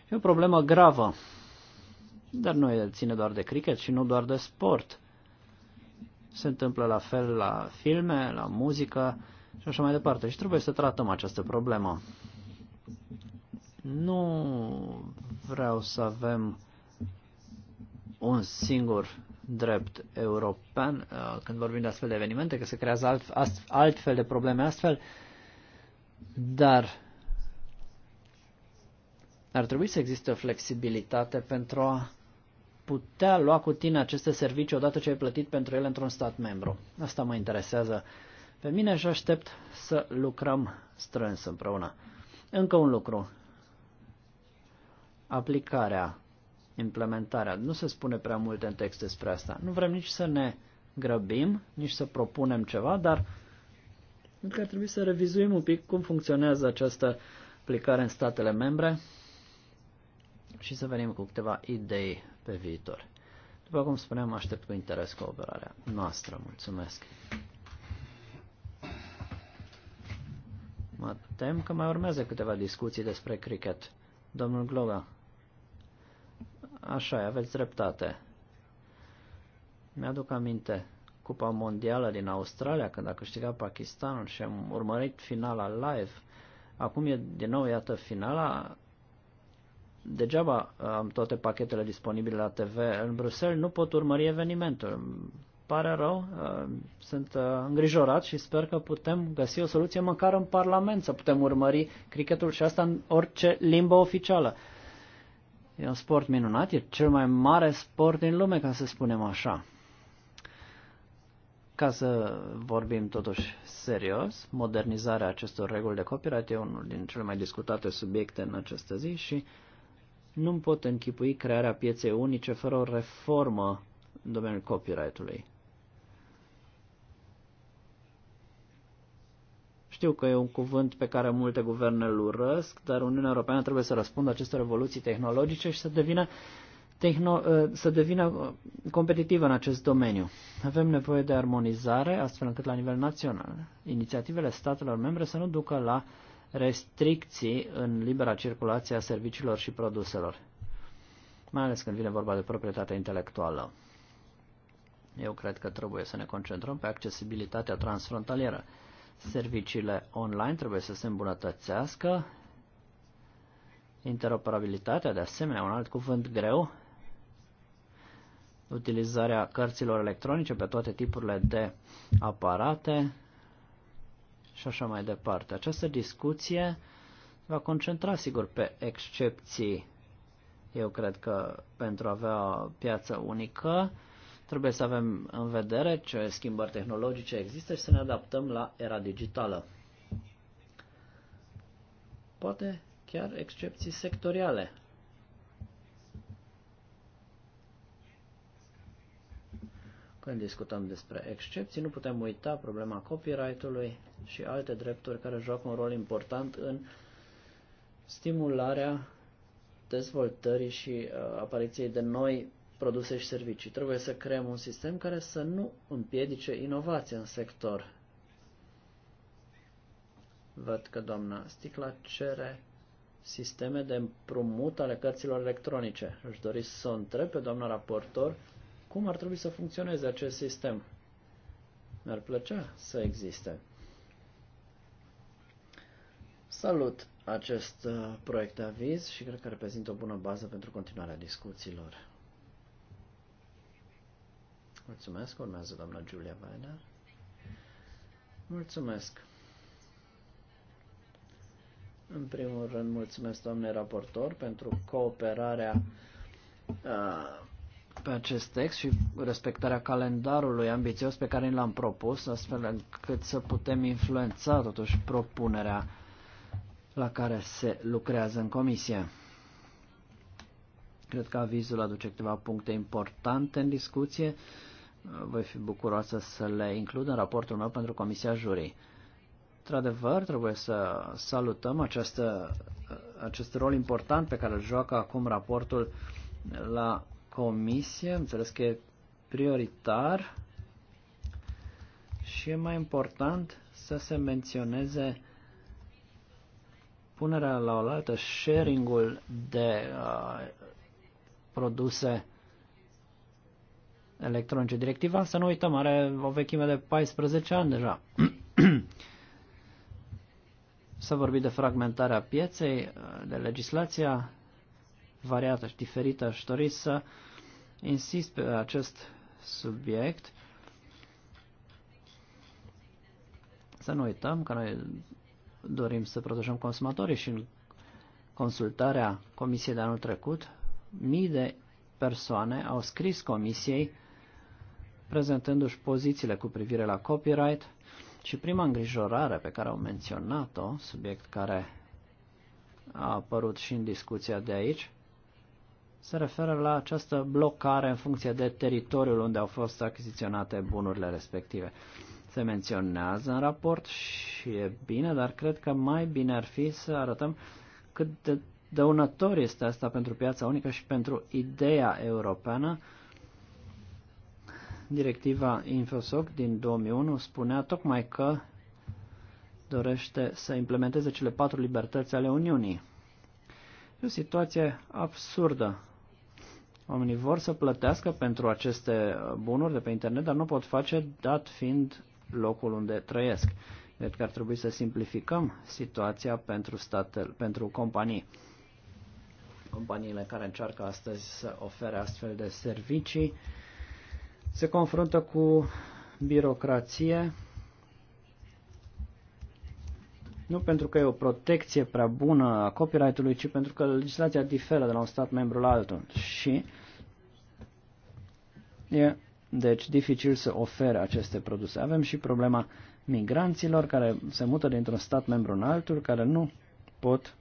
E o problemă gravă dar nu ține doar de cricket și nu doar de sport. Se întâmplă la fel la filme, la muzică și așa mai departe. Și trebuie să tratăm această problemă. Nu vreau să avem un singur drept european uh, când vorbim de astfel de evenimente, că se creează alt, alt altfel de probleme astfel, dar ar trebui să existe o flexibilitate pentru a putea lua cu tine aceste servicii odată ce ai plătit pentru ele într-un stat membru. Asta mă interesează pe mine și aștept să lucrăm strâns împreună. Încă un lucru. Aplicarea, implementarea. Nu se spune prea multe în text despre asta. Nu vrem nici să ne grăbim, nici să propunem ceva, dar cred că ar trebui să revizuim un pic cum funcționează această aplicare în statele membre și să venim cu câteva idei pe viitor. După cum spuneam, aștept cu interes cooperarea noastră. Mulțumesc! Mă tem că mai urmează câteva discuții despre cricket. Domnul Gloga. Așa, e, aveți dreptate. Mi-aduc aminte Cupa Mondială din Australia, când a câștigat Pakistanul și am urmărit finala live. Acum e din nou, iată, finala degeaba am toate pachetele disponibile la TV în Bruxelles, nu pot urmări evenimentul. pare rău, uh, sunt uh, îngrijorat și sper că putem găsi o soluție măcar în Parlament să putem urmări cricketul și asta în orice limbă oficială. E un sport minunat, e cel mai mare sport din lume, ca să spunem așa. Ca să vorbim totuși serios, modernizarea acestor reguli de copyright e unul din cele mai discutate subiecte în această zi și uh, nu-mi pot închipui crearea pieței unice fără o reformă în domeniul copyright-ului. Știu că e un cuvânt pe care multe guverne îl urăsc, dar Uniunea Europeană trebuie să răspundă acestor evoluții tehnologice și să devină, tehno, uh, să devină uh, competitivă în acest domeniu. Avem nevoie de armonizare, astfel încât la nivel național, inițiativele statelor membre să nu ducă la uh, restricții în libera circulație a serviciilor și produselor, mai ales când vine vorba de proprietatea intelectuală. Eu cred că trebuie să ne concentrăm pe accesibilitatea transfrontalieră. Serviciile online trebuie să se îmbunătățească, interoperabilitatea, de asemenea, un alt cuvânt greu, utilizarea cărților electronice pe toate tipurile de aparate, și așa mai departe. Această discuție va concentra, sigur, pe excepții. Eu cred că pentru a avea o piață unică trebuie să avem în vedere ce schimbări tehnologice există și să ne adaptăm la era digitală. Poate chiar excepții sectoriale Când discutăm despre excepții, nu putem uita problema copyright-ului și alte drepturi care joacă un rol important în stimularea dezvoltării și uh, apariției de noi produse și servicii. Trebuie să creăm un sistem care să nu împiedice inovația în sector. Văd că doamna Sticla cere sisteme de împrumut ale cărților electronice. Aș dori să o întreb pe doamna raportor cum ar trebui să funcționeze acest sistem? Mi-ar plăcea să existe. Salut acest uh, proiect de aviz și cred că reprezintă o bună bază pentru continuarea discuțiilor. Mulțumesc, urmează doamna Julia Weiner. Mulțumesc. În primul rând, mulțumesc, doamne raportor, pentru cooperarea uh, pe acest text și respectarea calendarului ambițios pe care l-am propus, astfel încât să putem influența totuși propunerea la care se lucrează în comisie. Cred că avizul aduce câteva puncte importante în discuție. Voi fi bucuroasă să le includ în raportul meu pentru Comisia Jurii. Într-adevăr, trebuie să salutăm această, acest rol important pe care îl joacă acum raportul la comisie, înțeles că e prioritar și e mai important să se menționeze punerea la oaltă, sharing-ul de uh, produse electronice. Directiva, să nu uităm, are o vechime de 14 ani deja. S-a vorbit de fragmentarea pieței, uh, de legislația variată și diferită. Aș dori să insist pe acest subiect. Să nu uităm că noi dorim să protejăm consumatorii și în consultarea comisiei de anul trecut, mii de persoane au scris comisiei prezentându-și pozițiile cu privire la copyright și prima îngrijorare pe care au menționat-o, subiect care a apărut și în discuția de aici, se referă la această blocare în funcție de teritoriul unde au fost achiziționate bunurile respective. Se menționează în raport și e bine, dar cred că mai bine ar fi să arătăm cât de dăunător este asta pentru piața unică și pentru ideea europeană. Directiva InfoSoc din 2001 spunea tocmai că dorește să implementeze cele patru libertăți ale Uniunii. E o situație absurdă. Oamenii vor să plătească pentru aceste bunuri de pe internet, dar nu pot face dat fiind locul unde trăiesc. Cred că ar trebui să simplificăm situația pentru, statel, pentru companii. Companiile care încearcă astăzi să ofere astfel de servicii se confruntă cu birocrație nu pentru că e o protecție prea bună a copyright-ului, ci pentru că legislația diferă de la un stat membru la altul și e deci dificil să ofere aceste produse. Avem și problema migranților care se mută dintr-un stat membru în altul, care nu pot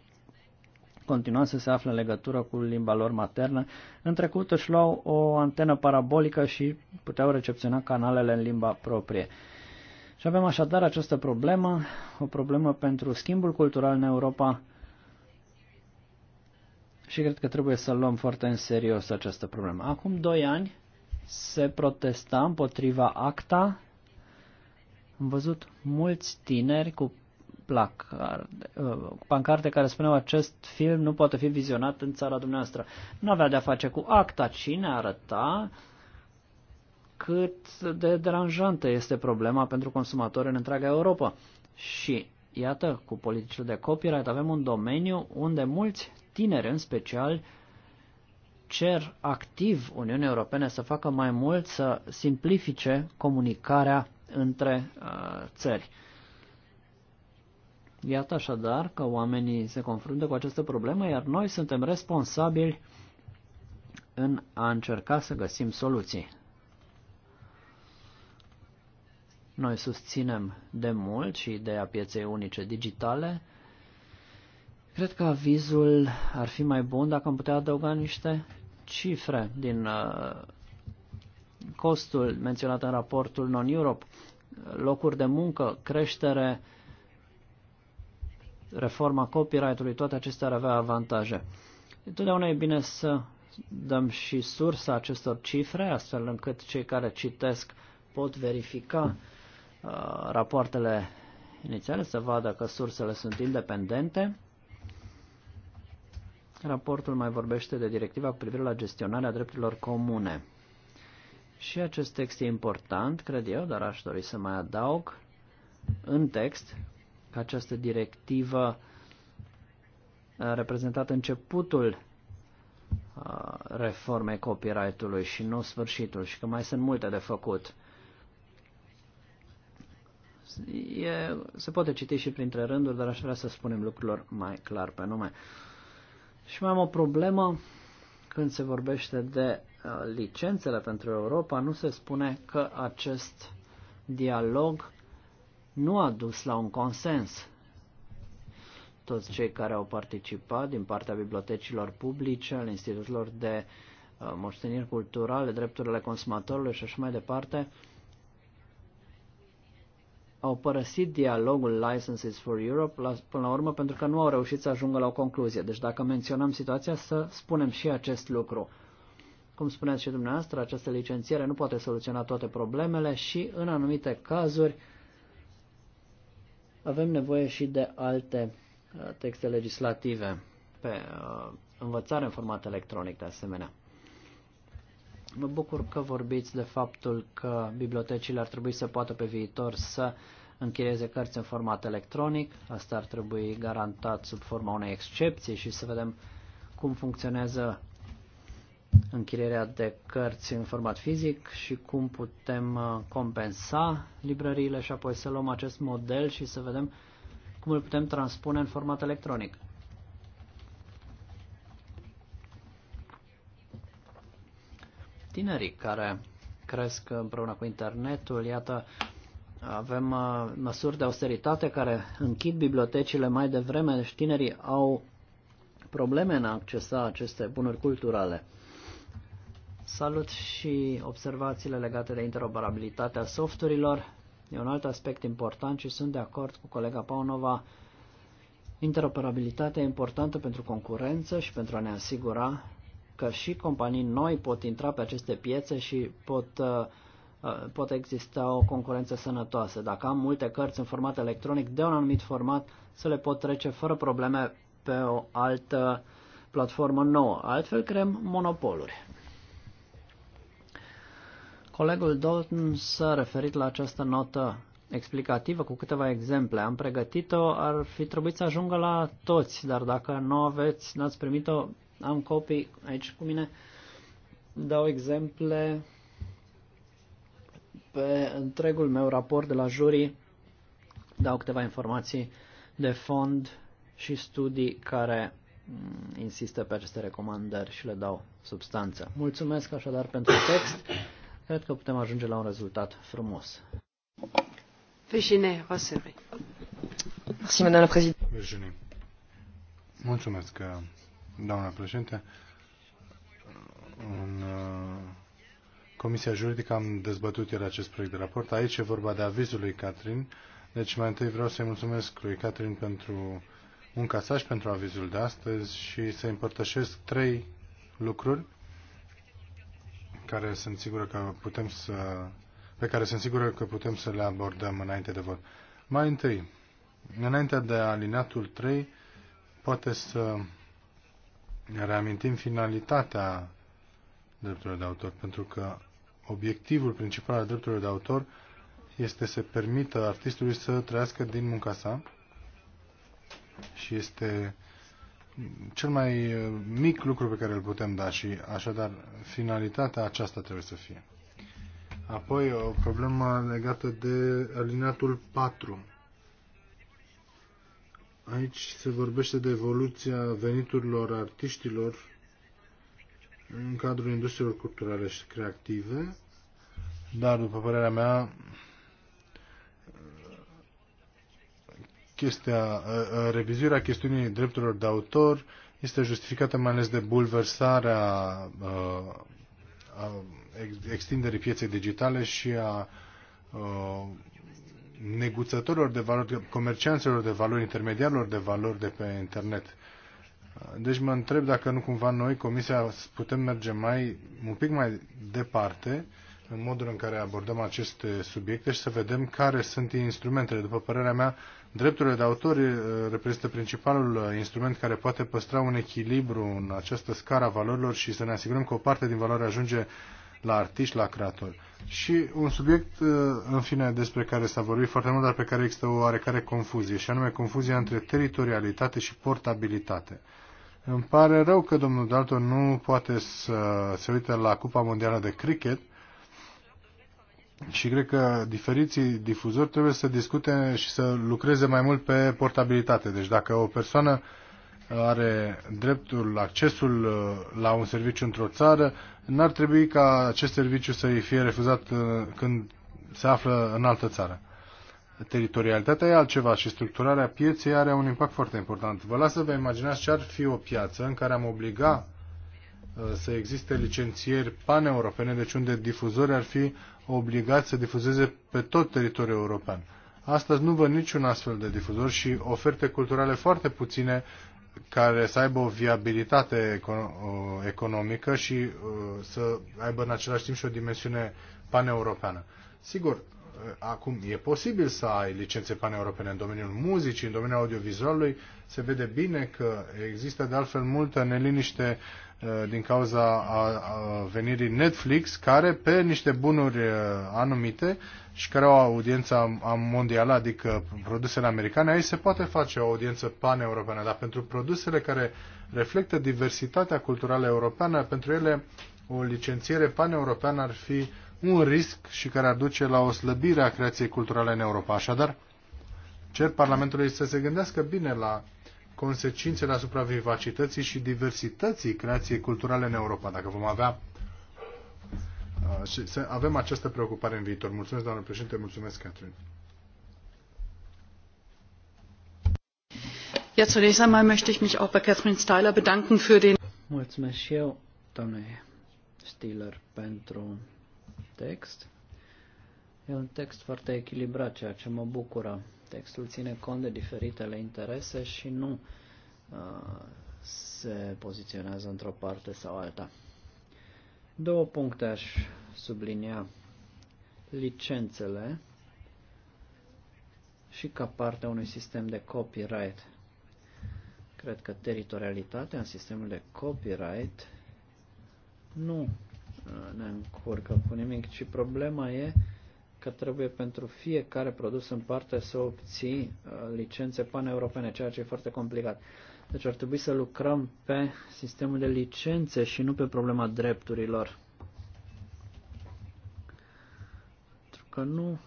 continua să se afle în legătură cu limba lor maternă. În trecut își luau o antenă parabolică și puteau recepționa canalele în limba proprie. Și avem așadar această problemă, o problemă pentru schimbul cultural în Europa și cred că trebuie să luăm foarte în serios această problemă. Acum doi ani se protesta împotriva acta. Am văzut mulți tineri cu placarde, pancarte care spuneau acest film nu poate fi vizionat în țara dumneavoastră. Nu avea de-a face cu acta, cine arăta cât de deranjantă este problema pentru consumatori în întreaga Europa. Și iată, cu politicile de copyright avem un domeniu unde mulți tineri în special cer activ Uniunii Europene să facă mai mult să simplifice comunicarea între uh, țări. Iată așadar că oamenii se confruntă cu această problemă, iar noi suntem responsabili în a încerca să găsim soluții. Noi susținem de mult și ideea pieței unice digitale. Cred că avizul ar fi mai bun dacă am putea adăuga niște cifre din uh, costul menționat în raportul Non-Europe, locuri de muncă, creștere, reforma copyright-ului, toate acestea ar avea avantaje. Întotdeauna e bine să dăm și sursa acestor cifre, astfel încât cei care citesc pot verifica Uh, rapoartele inițiale, să vadă că sursele sunt independente. Raportul mai vorbește de directiva cu privire la gestionarea drepturilor comune. Și acest text e important, cred eu, dar aș dori să mai adaug în text că această directivă a uh, reprezentat începutul uh, reformei copyright-ului și nu sfârșitul și că mai sunt multe de făcut e, se poate citi și printre rânduri, dar aș vrea să spunem lucrurilor mai clar pe nume. Și mai am o problemă când se vorbește de licențele pentru Europa, nu se spune că acest dialog nu a dus la un consens. Toți cei care au participat din partea bibliotecilor publice, al instituțiilor de moșteniri culturale, drepturile consumatorilor, și așa mai departe, au părăsit dialogul Licenses for Europe la, până la urmă pentru că nu au reușit să ajungă la o concluzie. Deci dacă menționăm situația, să spunem și acest lucru. Cum spuneați și dumneavoastră, această licențiere nu poate soluționa toate problemele și în anumite cazuri avem nevoie și de alte uh, texte legislative pe uh, învățare în format electronic de asemenea. Mă bucur că vorbiți de faptul că bibliotecile ar trebui să poată pe viitor să închirieze cărți în format electronic. Asta ar trebui garantat sub forma unei excepții și să vedem cum funcționează închirierea de cărți în format fizic și cum putem uh, compensa librăriile și apoi să luăm acest model și să vedem cum îl putem transpune în format electronic. tinerii care cresc împreună cu internetul. Iată, avem uh, măsuri de austeritate care închid bibliotecile mai devreme, și deci tinerii au probleme în a accesa aceste bunuri culturale. Salut și observațiile legate de interoperabilitatea softurilor. E un alt aspect important și sunt de acord cu colega Paunova. Interoperabilitatea e importantă pentru concurență și pentru a ne asigura că și companii noi pot intra pe aceste piețe și pot, uh, uh, pot exista o concurență sănătoasă. Dacă am multe cărți în format electronic de un anumit format, să le pot trece fără probleme pe o altă platformă nouă. Altfel creăm monopoluri. Colegul Dalton s-a referit la această notă explicativă cu câteva exemple. Am pregătit-o, ar fi trebuit să ajungă la toți, dar dacă nu aveți, n-ați primit-o, am copii aici cu mine. Dau exemple pe întregul meu raport de la jurii. Dau câteva informații de fond și studii care mm, insistă pe aceste recomandări și le dau substanță. Mulțumesc așadar pentru text. Cred că putem ajunge la un rezultat frumos. Virginie Roseri. Mulțumesc, Mulțumesc doamna președinte. În uh, Comisia Juridică am dezbătut ieri acest proiect de raport. Aici e vorba de avizul lui Catrin. Deci mai întâi vreau să-i mulțumesc lui Catrin pentru un casaj pentru avizul de astăzi și să împărtășesc trei lucruri care sunt sigură că putem să, pe care sunt sigură că putem să le abordăm înainte de vot. Mai întâi, înainte de alineatul 3, poate să reamintim finalitatea drepturilor de autor, pentru că obiectivul principal al drepturilor de autor este să permită artistului să trăiască din munca sa și este cel mai uh, mic lucru pe care îl putem da și așadar finalitatea aceasta trebuie să fie. Apoi o problemă legată de alineatul 4 Aici se vorbește de evoluția veniturilor artiștilor în cadrul industriilor culturale și creative, dar, după părerea mea, chestia, ă, ă, revizuirea chestiunii drepturilor de autor este justificată mai ales de bulversarea ă, extinderii pieței digitale și a neguțătorilor de valori, comercianților de valori, intermediarilor de valori de pe internet. Deci mă întreb dacă nu cumva noi, Comisia, putem merge mai, un pic mai departe în modul în care abordăm aceste subiecte și să vedem care sunt instrumentele. După părerea mea, drepturile de autor eh, reprezintă principalul eh, instrument care poate păstra un echilibru în această scară a valorilor și să ne asigurăm că o parte din valoare ajunge la artiști, la creatori. Și un subiect, uh, în fine, despre care s-a vorbit foarte mult, dar pe care există o oarecare confuzie, și anume confuzia între teritorialitate și portabilitate. Îmi pare rău că domnul Dalton nu poate să se uite la Cupa Mondială de Cricket și cred că diferiții difuzori trebuie să discute și să lucreze mai mult pe portabilitate. Deci dacă o persoană uh, are dreptul, accesul uh, la un serviciu într-o țară, n-ar trebui ca acest serviciu să îi fie refuzat uh, când se află în altă țară. Teritorialitatea e altceva și structurarea pieței are un impact foarte important. Vă las să vă imaginați ce ar fi o piață în care am obliga uh, să existe licențieri paneuropene, deci unde difuzori ar fi obligați să difuzeze pe tot teritoriul european. Astăzi nu văd niciun astfel de difuzor și oferte culturale foarte puține care să aibă o viabilitate economică și uh, să aibă în același timp și o dimensiune paneuropeană. Sigur, uh, acum e posibil să ai licențe paneuropene în domeniul muzicii, în domeniul audiovizualului, se vede bine că există de altfel multă neliniște Uh, din cauza a venirii Netflix, care pe niște bunuri uh, anumite și care au audiența mondială, adică produsele americane, aici se poate face o audiență paneuropeană, dar pentru produsele care reflectă diversitatea culturală europeană, pentru ele o licențiere paneuropeană ar fi un risc și care ar duce la o slăbire a creației culturale în Europa. Așadar, cer Parlamentului să se gândească bine la consecințele asupra vivacității și diversității creației culturale în Europa, dacă vom avea uh, și să avem această preocupare în viitor. Mulțumesc, doamnă președinte, mulțumesc, Catherine. Ja, zunächst einmal möchte ich mich auch bei Catherine Steiler bedanken für den. Mulțumesc și eu, doamne Steiler, pentru text. E un text foarte echilibrat, ceea ce mă bucură. Textul ține cont de diferitele interese și nu uh, se poziționează într-o parte sau alta. Două puncte aș sublinia. Licențele și ca parte a unui sistem de copyright. Cred că teritorialitatea în sistemul de copyright nu uh, ne încurcă cu nimic, ci problema e uh, că trebuie pentru fiecare produs în parte să obții uh, licențe paneuropene, ceea ce e foarte complicat. Deci ar trebui să lucrăm pe sistemul de licențe și nu pe problema drepturilor. Pentru că nu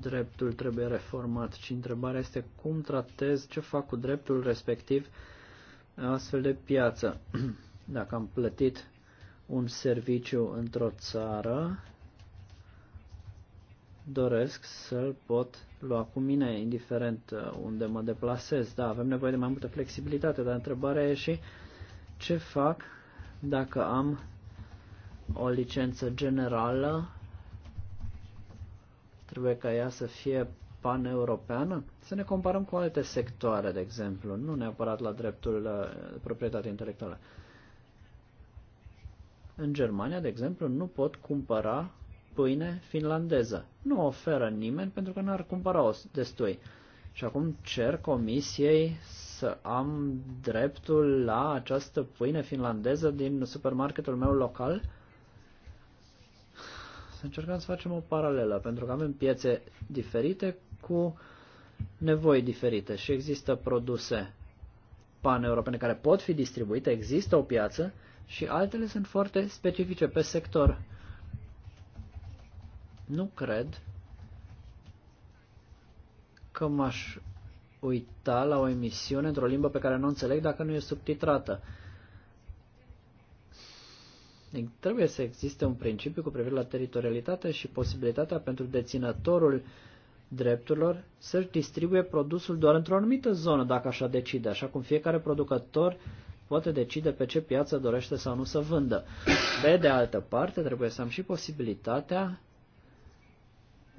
dreptul trebuie reformat, ci întrebarea este cum tratez, ce fac cu dreptul respectiv astfel de piață. Dacă am plătit un serviciu într-o țară doresc să-l pot lua cu mine, indiferent uh, unde mă deplasez. Da, avem nevoie de mai multă flexibilitate, dar întrebarea e și ce fac dacă am o licență generală, trebuie ca ea să fie paneuropeană? Să ne comparăm cu alte sectoare, de exemplu, nu neapărat la dreptul la proprietate intelectuală. În Germania, de exemplu, nu pot cumpăra pâine finlandeză. Nu oferă nimeni pentru că n-ar cumpăra-o destui. Și acum cer comisiei să am dreptul la această pâine finlandeză din supermarketul meu local? Să încercăm să facem o paralelă, pentru că avem piețe diferite cu nevoi diferite și există produse paneuropene care pot fi distribuite, există o piață și altele sunt foarte specifice pe sector. Nu cred că m-aș uita la o emisiune într-o limbă pe care nu o înțeleg dacă nu e subtitrată. Trebuie să existe un principiu cu privire la teritorialitate și posibilitatea pentru deținătorul drepturilor să-și distribuie produsul doar într-o anumită zonă, dacă așa decide, așa cum fiecare producător poate decide pe ce piață dorește sau nu să vândă. Pe de altă parte, trebuie să am și posibilitatea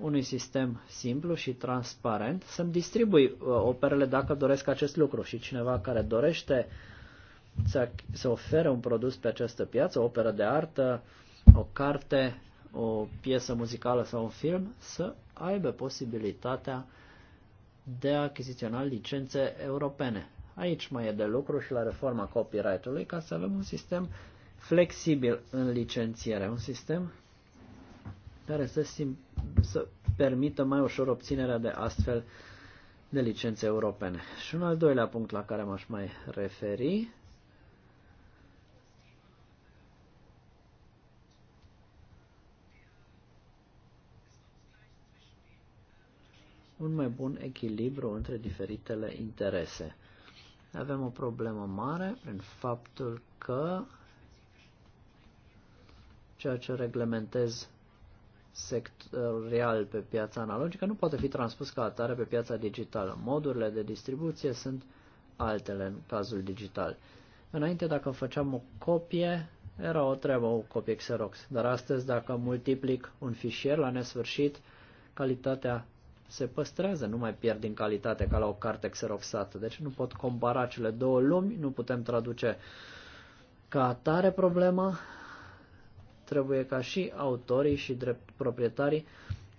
unui sistem simplu și transparent să-mi distribui uh, operele dacă doresc acest lucru și cineva care dorește să, ofere un produs pe această piață, o operă de artă, o carte, o piesă muzicală sau un film, să aibă posibilitatea de a achiziționa licențe europene. Aici mai e de lucru și la reforma copyright-ului ca să avem un sistem flexibil în licențiere, un sistem care să sim- să permită mai ușor obținerea de astfel de licențe europene. Și un al doilea punct la care m-aș mai referi un mai bun echilibru între diferitele interese. Avem o problemă mare prin faptul că ceea ce reglementez sectorial pe piața analogică nu poate fi transpus ca atare pe piața digitală. Modurile de distribuție sunt altele în cazul digital. Înainte, dacă făceam o copie, era o treabă, o copie Xerox. Dar astăzi, dacă multiplic un fișier la nesfârșit, calitatea se păstrează, nu mai pierd din calitate ca la o carte xeroxată. Deci nu pot compara cele două lumi, nu putem traduce ca atare problema, trebuie ca și autorii și drept proprietarii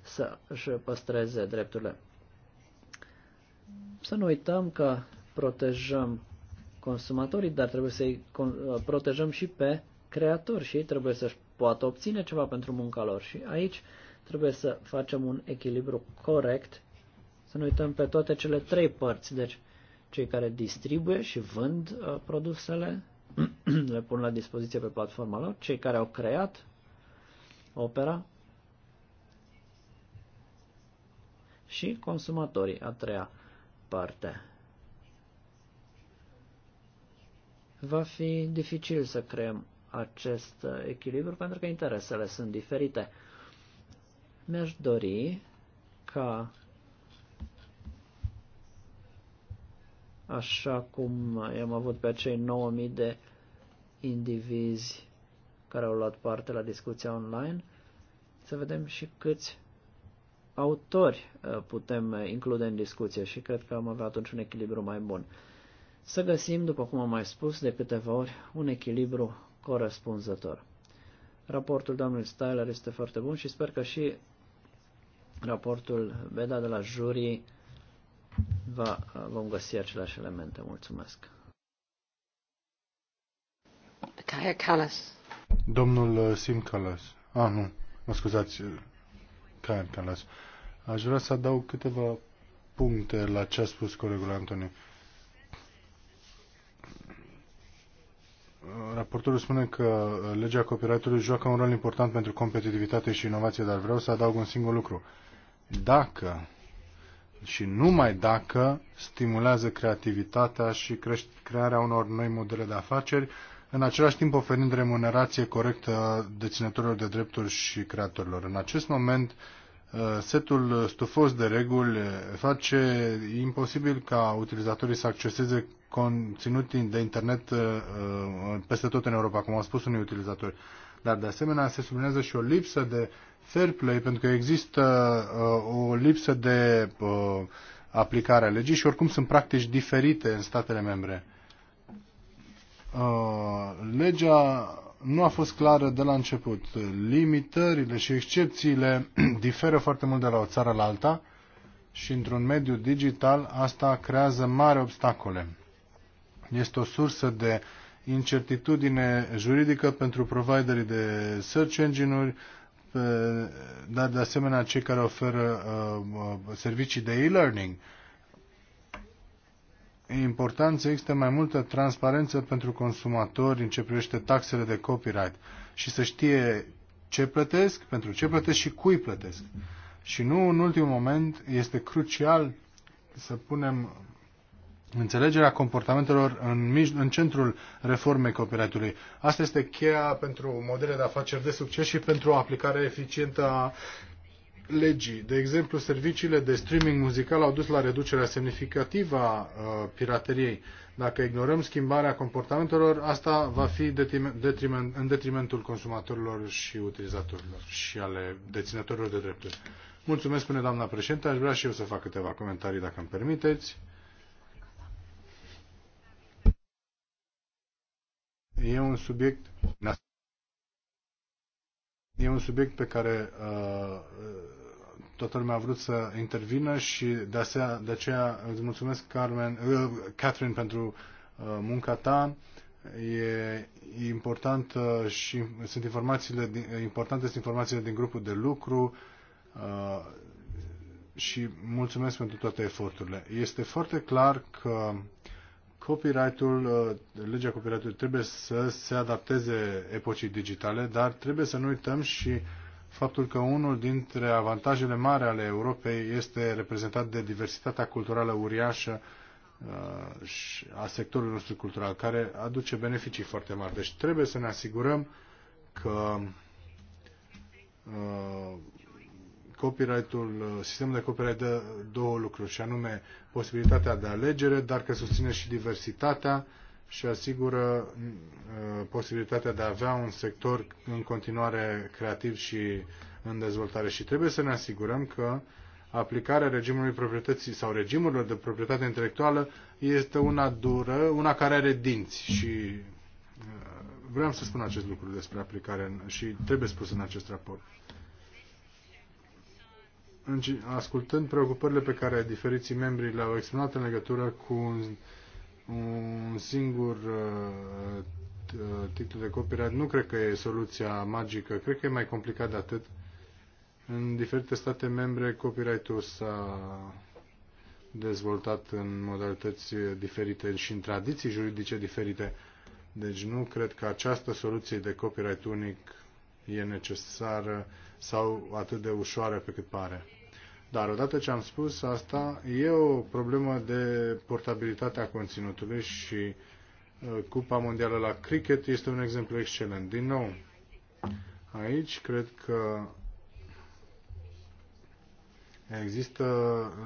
să își păstreze drepturile. Să nu uităm că protejăm consumatorii, dar trebuie să-i protejăm și pe creatori și ei trebuie să-și poată obține ceva pentru munca lor. Și aici trebuie să facem un echilibru corect, să nu uităm pe toate cele trei părți. Deci, cei care distribuie și vând uh, produsele, le pun la dispoziție pe platforma lor, cei care au creat opera și consumatorii, a treia parte. Va fi dificil să creăm acest echilibru pentru că interesele sunt diferite. Mi-aș dori ca așa cum i-am avut pe acei 9000 de indivizi care au luat parte la discuția online, să vedem și câți autori uh, putem uh, include în discuție și cred că am avea atunci un echilibru mai bun. Să găsim, după cum am mai spus de câteva ori, un echilibru corespunzător. Raportul doamnului Styler este foarte bun și sper că și raportul Beda de la jurii va, vom găsi aceleași elemente. Mulțumesc. Caia Calas. Domnul uh, Sim Calas. Ah, nu. Mă scuzați. Caia uh, Calas. Aș vrea să adaug câteva puncte la ce a spus colegul Antoni. Raportorul spune că uh, legea copyright-ului joacă un rol important pentru competitivitate și inovație, dar vreau să adaug un singur lucru. Dacă și numai dacă stimulează creativitatea și crearea unor noi modele de afaceri, în același timp oferind remunerație corectă deținătorilor de drepturi și creatorilor. În acest moment, uh, setul stufos de reguli uh, face imposibil ca utilizatorii să acceseze conținut de internet uh, peste tot în Europa, cum au spus unii utilizatori dar de asemenea se sublinează și o lipsă de fair play, pentru că există uh, o lipsă de uh, aplicare a legii și oricum sunt practici diferite în statele membre. Uh, legea nu a fost clară de la început. Limitările și excepțiile diferă foarte mult de la o țară la alta și într-un mediu digital asta creează mari obstacole. Este o sursă de incertitudine juridică pentru providerii de search engine-uri, dar de asemenea cei care oferă uh, servicii de e-learning. E important să existe mai multă transparență pentru consumatori în ce privește taxele de copyright și să știe ce plătesc, pentru ce plătesc și cui plătesc. Și nu în ultimul moment este crucial să punem înțelegerea comportamentelor în, în centrul reformei copyright-ului. Asta este cheia pentru modele de afaceri de succes și pentru o aplicare eficientă a legii. De exemplu, serviciile de streaming muzical au dus la reducerea semnificativă a uh, pirateriei. Dacă ignorăm schimbarea comportamentelor, asta va fi detriment, în detrimentul consumatorilor și utilizatorilor și ale deținătorilor de drepturi. Mulțumesc, spune doamna președinte. Aș vrea și eu să fac câteva comentarii, dacă îmi permiteți. E un subiect e un subiect pe care uh, toată lumea a vrut să intervină și de, asea, de aceea îți mulțumesc, Carmen, uh, Catherine, pentru uh, munca ta. E important uh, și sunt informațiile din, uh, importante sunt informațiile din grupul de lucru uh, și mulțumesc pentru toate eforturile. Este foarte clar că copyright-ul, uh, legea copyright-ului trebuie să se adapteze epocii digitale, dar trebuie să nu uităm și faptul că unul dintre avantajele mari ale Europei este reprezentat de diversitatea culturală uriașă uh, a sectorului nostru cultural, care aduce beneficii foarte mari. Deci trebuie să ne asigurăm că uh, copyright-ul, uh, sistemul de copyright dă două lucruri, și anume posibilitatea de alegere, dar că susține și diversitatea și asigură uh, posibilitatea de a avea un sector în continuare creativ și în dezvoltare. Și trebuie să ne asigurăm că aplicarea regimului proprietății sau regimurilor de proprietate intelectuală este una dură, una care are dinți și uh, vreau să spun acest lucru despre aplicare și trebuie spus în acest raport ascultând preocupările pe care diferiții membri le-au exprimat în legătură cu un, un singur uh, uh, titlu de copyright, nu cred că e soluția magică, cred că e mai complicat de atât. În diferite state membre, copyright-ul s-a dezvoltat în modalități diferite și în tradiții juridice diferite. Deci nu cred că această soluție de copyright unic e necesară sau atât de ușoară pe cât pare. Dar odată ce am spus asta, e o problemă de portabilitatea conținutului și uh, Cupa Mondială la Cricket este un exemplu excelent. Din nou, aici cred că există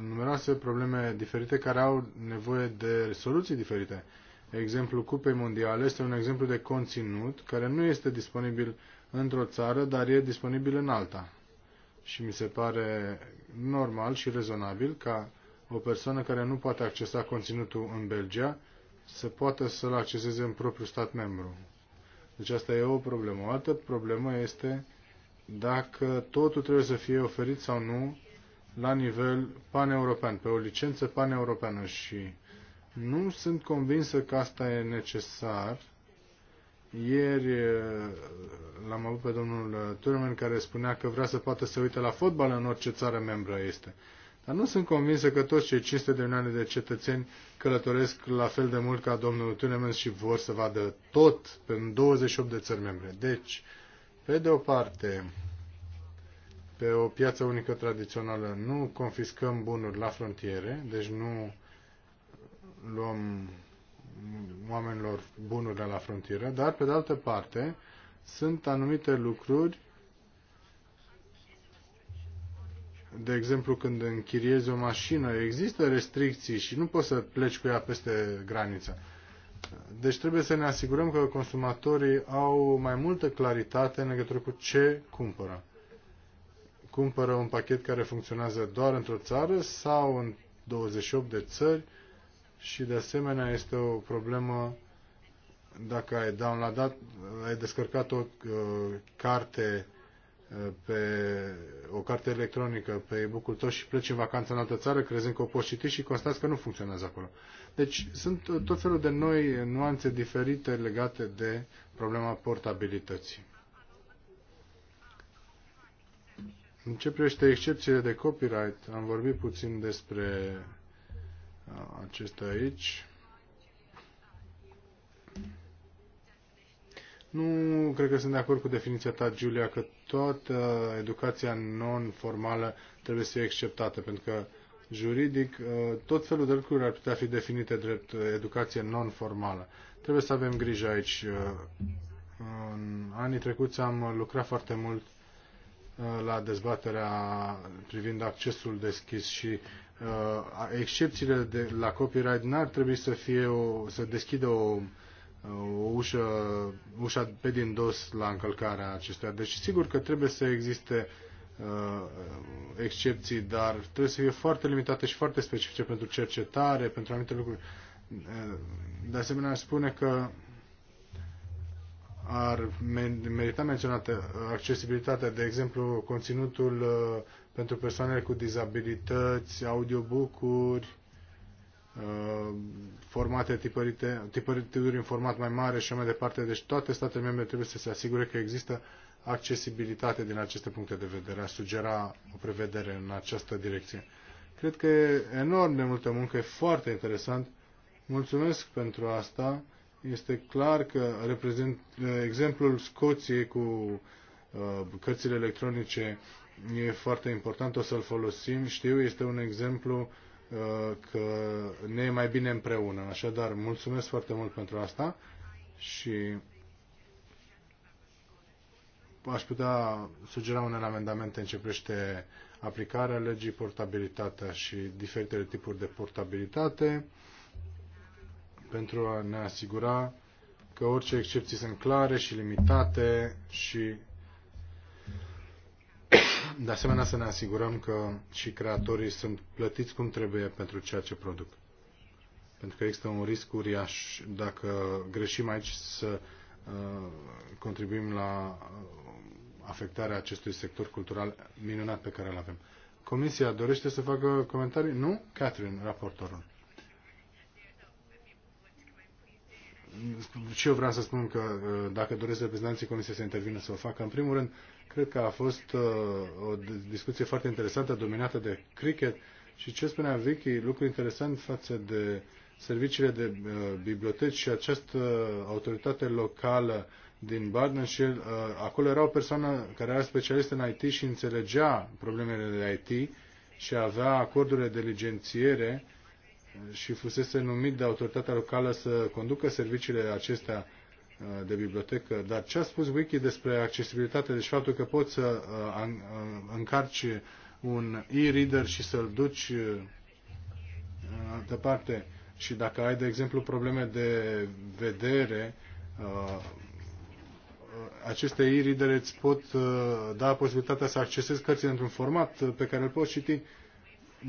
numeroase probleme diferite care au nevoie de soluții diferite. Exemplul Cupei Mondiale este un exemplu de conținut care nu este disponibil într-o țară, dar e disponibil în alta. Și mi se pare normal și rezonabil ca o persoană care nu poate accesa conținutul în Belgia să poată să-l acceseze în propriul stat membru. Deci asta e o problemă. O altă problemă este dacă totul trebuie să fie oferit sau nu la nivel paneuropean, pe o licență paneuropeană și nu sunt convinsă că asta e necesar ieri eh, l-am avut pe domnul eh, Turmen care spunea că vrea să poată să uite la fotbal în orice țară membră este. Dar nu sunt convinsă că toți cei 500 de milioane de cetățeni călătoresc la fel de mult ca domnul Tunemens și vor să vadă tot pe 28 de țări membre. Deci, pe de o parte, pe o piață unică tradițională nu confiscăm bunuri la frontiere, deci nu luăm oamenilor de la frontieră, dar pe de altă parte sunt anumite lucruri de exemplu, când închiriezi o mașină, există restricții și nu poți să pleci cu ea peste graniță. Deci trebuie să ne asigurăm că consumatorii au mai multă claritate în legătură cu ce cumpără. Cumpără un pachet care funcționează doar într-o țară sau în 28 de țări și de asemenea este o problemă dacă ai downloadat, ai descărcat o uh, carte uh, pe o carte electronică pe e-book-ul tău și pleci în vacanță în altă țară crezând că o poți citi și constați că nu funcționează acolo. Deci sunt uh, tot felul de noi nuanțe diferite legate de problema portabilității. În ce privește excepțiile de copyright, am vorbit puțin despre acesta aici. Nu cred că sunt de acord cu definiția ta, Giulia, că toată educația non-formală trebuie să fie acceptată, pentru că juridic uh, tot felul de lucruri ar putea fi definite drept educație non-formală. Trebuie să avem grijă aici. Uh, în anii trecuți am lucrat foarte mult uh, la dezbaterea privind accesul deschis și Uh, excepțiile de, la copyright n-ar trebui să, fie o, să deschidă o, o ușă, ușa pe din dos la încălcarea acestea. Deci sigur că trebuie să existe uh, excepții, dar trebuie să fie foarte limitate și foarte specifice pentru cercetare, pentru anumite lucruri. Uh, de asemenea, spune că ar merita menționată accesibilitatea, de exemplu, conținutul uh, pentru persoanele cu dizabilități, audiobook-uri, uh, formate tipărite, tipărituri în format mai mare și mai departe. Deci toate statele membre trebuie să se asigure că există accesibilitate din aceste puncte de vedere, a sugera o prevedere în această direcție. Cred că e enorm de multă muncă, e foarte interesant. Mulțumesc pentru asta. Este clar că reprezint, uh, exemplul Scoției cu uh, cărțile electronice E foarte important, o să-l folosim. Știu, este un exemplu uh, că ne e mai bine împreună. Așadar, mulțumesc foarte mult pentru asta și aș putea sugera un amendament în ce privește aplicarea legii, portabilitatea și diferitele tipuri de portabilitate pentru a ne asigura că orice excepții sunt clare și limitate și de asemenea, să ne asigurăm că și creatorii sunt plătiți cum trebuie pentru ceea ce produc. Pentru că există un risc uriaș dacă greșim aici să uh, contribuim la uh, afectarea acestui sector cultural minunat pe care îl avem. Comisia dorește să facă comentarii? Nu? Catherine, raportorul. Și eu vreau să spun că uh, dacă doresc reprezentanții Comisiei să intervină, să o facă. În primul rând, Cred că a fost uh, o discuție foarte interesantă, dominată de cricket și ce spunea Vicky, lucru interesant față de serviciile de uh, biblioteci și această autoritate locală din Bardenshire, uh, acolo era o persoană care era specialist în IT și înțelegea problemele de IT și avea acordurile de licențiere și fusese numit de autoritatea locală să conducă serviciile acestea Uh, de bibliotecă, dar ce a spus Wiki despre accesibilitate, deci faptul că poți să uh, uh, încarci un e-reader și să-l duci în altă parte și dacă ai, de exemplu, probleme de vedere, aceste e-reader îți pot da posibilitatea să accesezi cărțile într-un format pe care îl poți citi.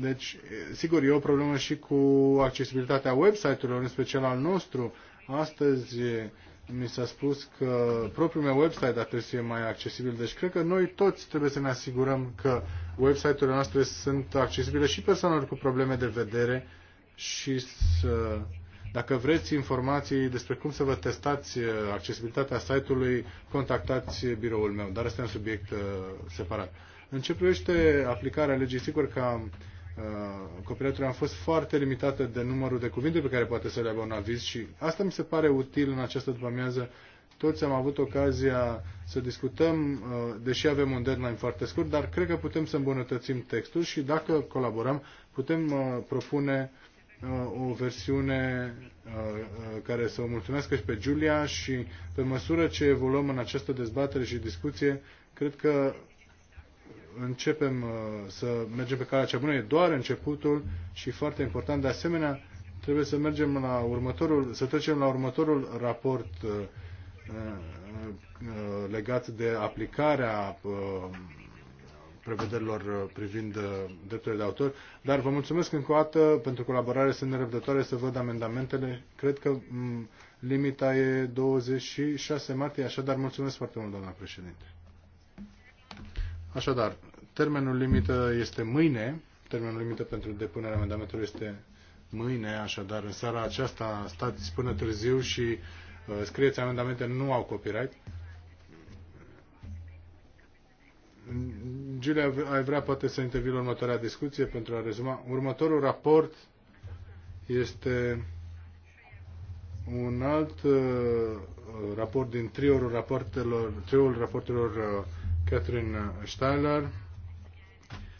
Deci, sigur, e o problemă și cu accesibilitatea website-urilor, în special al nostru. Astăzi, mi s-a spus că propriul meu website ar trebui să fie mai accesibil. Deci cred că noi toți trebuie să ne asigurăm că website-urile noastre sunt accesibile și persoanelor cu probleme de vedere și să, dacă vreți informații despre cum să vă testați uh, accesibilitatea site-ului, contactați biroul meu. Dar asta e un subiect uh, separat. În ce privește aplicarea legii, sigur că am Uh, copyright a fost foarte limitată de numărul de cuvinte pe care poate să le aibă un aviz și asta mi se pare util în această după-amiază. Toți am avut ocazia să discutăm, uh, deși avem un deadline foarte scurt, dar cred că putem să îmbunătățim textul și dacă colaborăm, putem uh, propune o versiune care să o mulțumesc și pe Giulia și pe măsură ce evoluăm în această dezbatere și discuție, cred că începem uh, să mergem pe calea cea bună, e doar începutul și foarte important. De asemenea, trebuie să mergem la următorul, să trecem la următorul raport uh, uh, legat de aplicarea prevederilor privind drepturile de autor, dar vă mulțumesc încă o dată pentru colaborare, sunt nerăbdătoare să văd amendamentele. Cred că mm, limita e 26 martie, așadar mulțumesc foarte mult, doamna președinte. Așadar, termenul limită este mâine, termenul limită pentru depunerea amendamentelor este mâine, așadar în seara aceasta stați până târziu și uh, scrieți amendamente, nu au copyright. Giulia, ai vrea poate să intervii la următoarea discuție pentru a rezuma. Următorul raport este un alt uh, raport din triorul raportelor, triorul raportelor uh, Catherine Steiler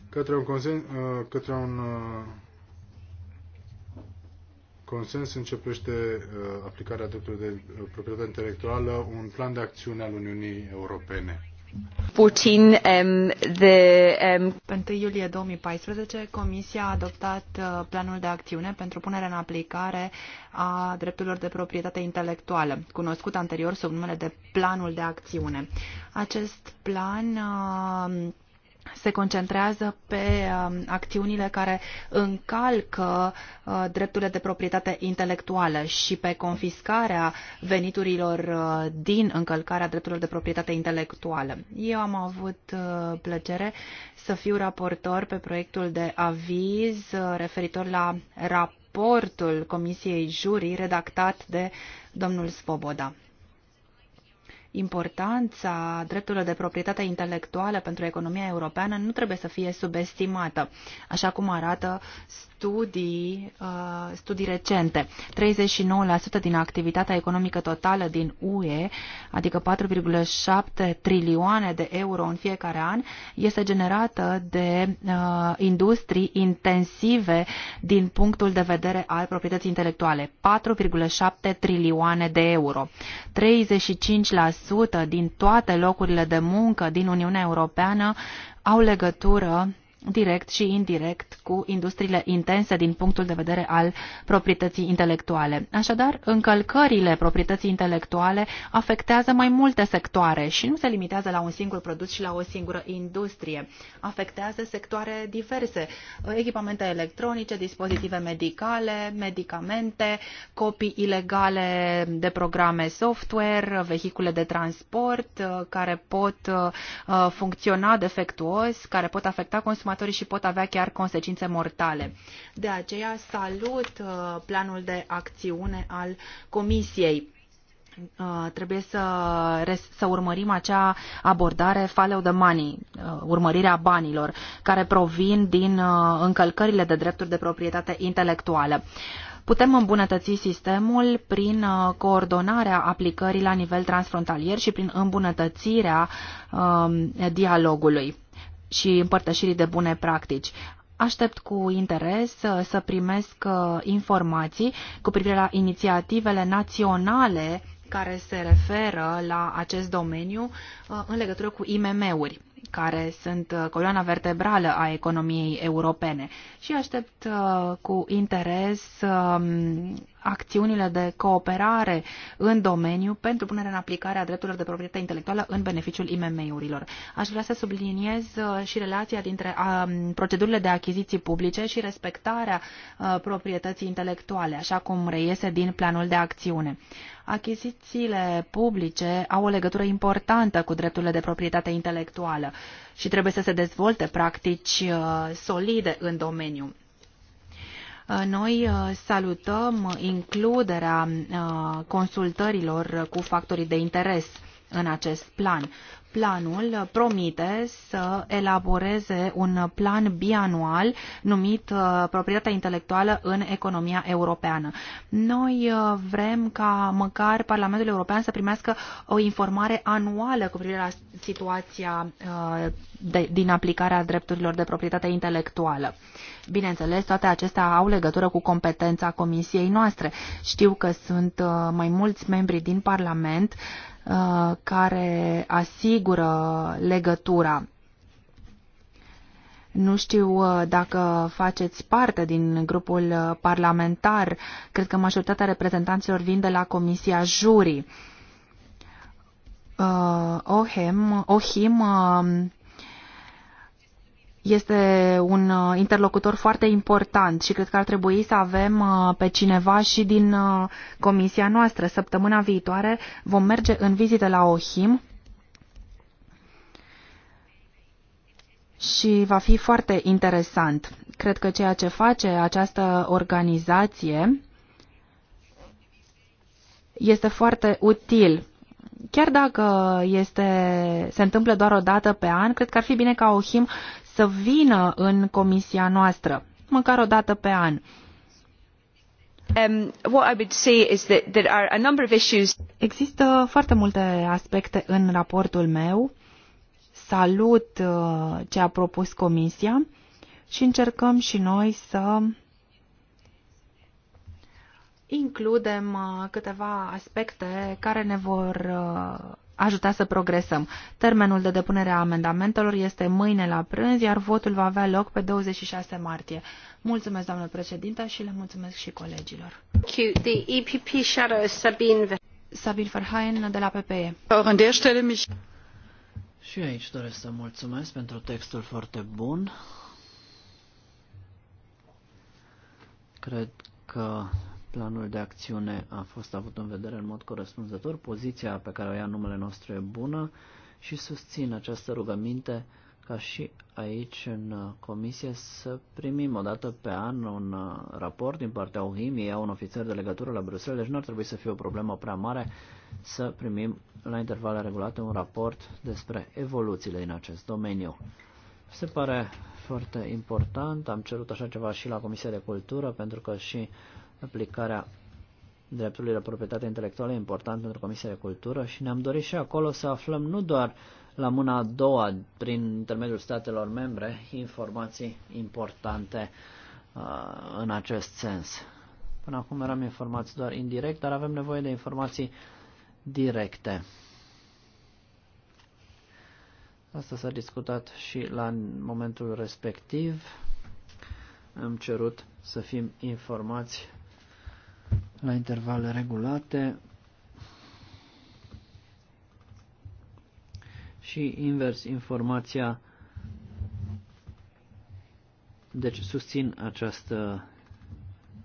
către un consens, uh, către un uh, consens începește uh, aplicarea dreptului de proprietate intelectuală, un plan de acțiune al Uniunii Europene. 14, um, the, um... Pe 1 iulie 2014, Comisia a adoptat uh, planul de acțiune pentru punerea în aplicare a drepturilor de proprietate intelectuală, cunoscut anterior sub numele de planul de acțiune. Acest plan uh, se concentrează pe um, acțiunile care încalcă uh, drepturile de proprietate intelectuală și pe confiscarea veniturilor uh, din încălcarea drepturilor de proprietate intelectuală. Eu am avut uh, plăcere să fiu raportor pe proiectul de aviz referitor la raportul Comisiei Jurii redactat de domnul Svoboda. Importanța drepturilor de proprietate intelectuală pentru economia europeană nu trebuie să fie subestimată, așa cum arată studii, uh, studii recente. 39% din activitatea economică totală din UE, adică 4,7 trilioane de euro în fiecare an, este generată de uh, industrii intensive din punctul de vedere al proprietății intelectuale. 4,7 trilioane de euro. 35% din toate locurile de muncă din Uniunea Europeană au legătură direct și indirect cu industriile intense din punctul de vedere al proprietății intelectuale. Așadar, încălcările proprietății intelectuale afectează mai multe sectoare și nu se limitează la un singur produs și la o singură industrie. Afectează sectoare diverse, echipamente electronice, dispozitive medicale, medicamente, copii ilegale de programe software, vehicule de transport uh, care pot uh, uh, funcționa defectuos, care pot afecta consumatorii consumatori și pot avea chiar consecințe mortale. De aceea salut uh, planul de acțiune al Comisiei uh, trebuie să, să urmărim acea abordare follow the money, uh, urmărirea banilor, care provin din încălcările de drepturi de proprietate intelectuală. Putem îmbunătăți sistemul prin coordonarea aplicării la nivel transfrontalier și prin îmbunătățirea um, dialogului și împărtășirii de bune practici. Aștept cu interes să primesc uh, informații cu privire la inițiativele naționale care se referă la acest domeniu uh, în legătură cu IMM-uri care sunt uh, coloana vertebrală a economiei europene și aștept uh, cu interes um, acțiunile de cooperare în domeniu pentru punerea în aplicare a drepturilor de proprietate intelectuală în beneficiul IMM-urilor. Aș vrea să subliniez uh, și relația dintre um, procedurile de achiziții publice și respectarea proprietății intelectuale, așa cum reiese din planul de acțiune. Achizițiile publice au o legătură importantă cu drepturile de proprietate intelectuală și trebuie să se dezvolte practici uh, solide în domeniu. Uh, noi uh, salutăm includerea consultărilor cu factorii de interes în acest plan. Planul promite să elaboreze un plan bianual numit uh, proprietatea intelectuală în economia europeană. Noi uh, vrem ca măcar Parlamentul European să primească o informare anuală cu privire la situația uh, de, din aplicarea drepturilor de proprietate intelectuală. Bineînțeles, toate acestea au legătură cu competența comisiei noastre. Știu că sunt mai mulți membri din Parlament Uh, care asigură legătura. Nu știu uh, dacă faceți parte din grupul uh, parlamentar. Cred că majoritatea reprezentanților vin de la Comisia Jurii. OHIM, OHIM este un uh, interlocutor foarte important și cred că ar trebui să avem uh, pe cineva și din uh, comisia noastră. Săptămâna viitoare vom merge în vizită la OHIM și va fi foarte interesant. Cred că ceea ce face această organizație este foarte util chiar dacă este, se întâmplă doar o dată pe an, cred că ar fi bine ca OHIM să vină în comisia noastră, măcar o dată pe an. Um, Există foarte multe aspecte în raportul meu. Salut uh, ce a propus Comisia și încercăm și noi să includem uh, câteva aspecte care ne vor uh, ajuta să progresăm. Termenul de depunere a amendamentelor este mâine la prânz, iar votul va avea loc pe 26 martie. Mulțumesc, doamnă președintă, și le mulțumesc și colegilor. The EPP shadow Sabine. Sabine Verheyen de la PPE. Și aici doresc să mulțumesc pentru textul foarte bun. Cred că planul de acțiune a fost avut în vedere în mod corespunzător, poziția pe care o ia numele nostru e bună și susțin această rugăminte ca și aici în comisie să primim o dată pe an un raport din partea OHIM, ei au un ofițer de legătură la Bruxelles, deci nu ar trebui să fie o problemă prea mare să primim la intervale regulate un raport despre evoluțiile în acest domeniu. Se pare foarte important, am cerut așa ceva și la Comisia de Cultură, pentru că și uh, Aplicarea dreptului la proprietate intelectuală e important pentru Comisia de Cultură și ne-am dorit și acolo să aflăm nu doar la mâna a doua, prin intermediul statelor membre, informații importante uh, în acest sens. Până acum eram informați doar indirect, dar avem nevoie de informații directe. Asta s-a discutat și la momentul respectiv. Am cerut să fim informați la intervale regulate și invers informația. Deci susțin această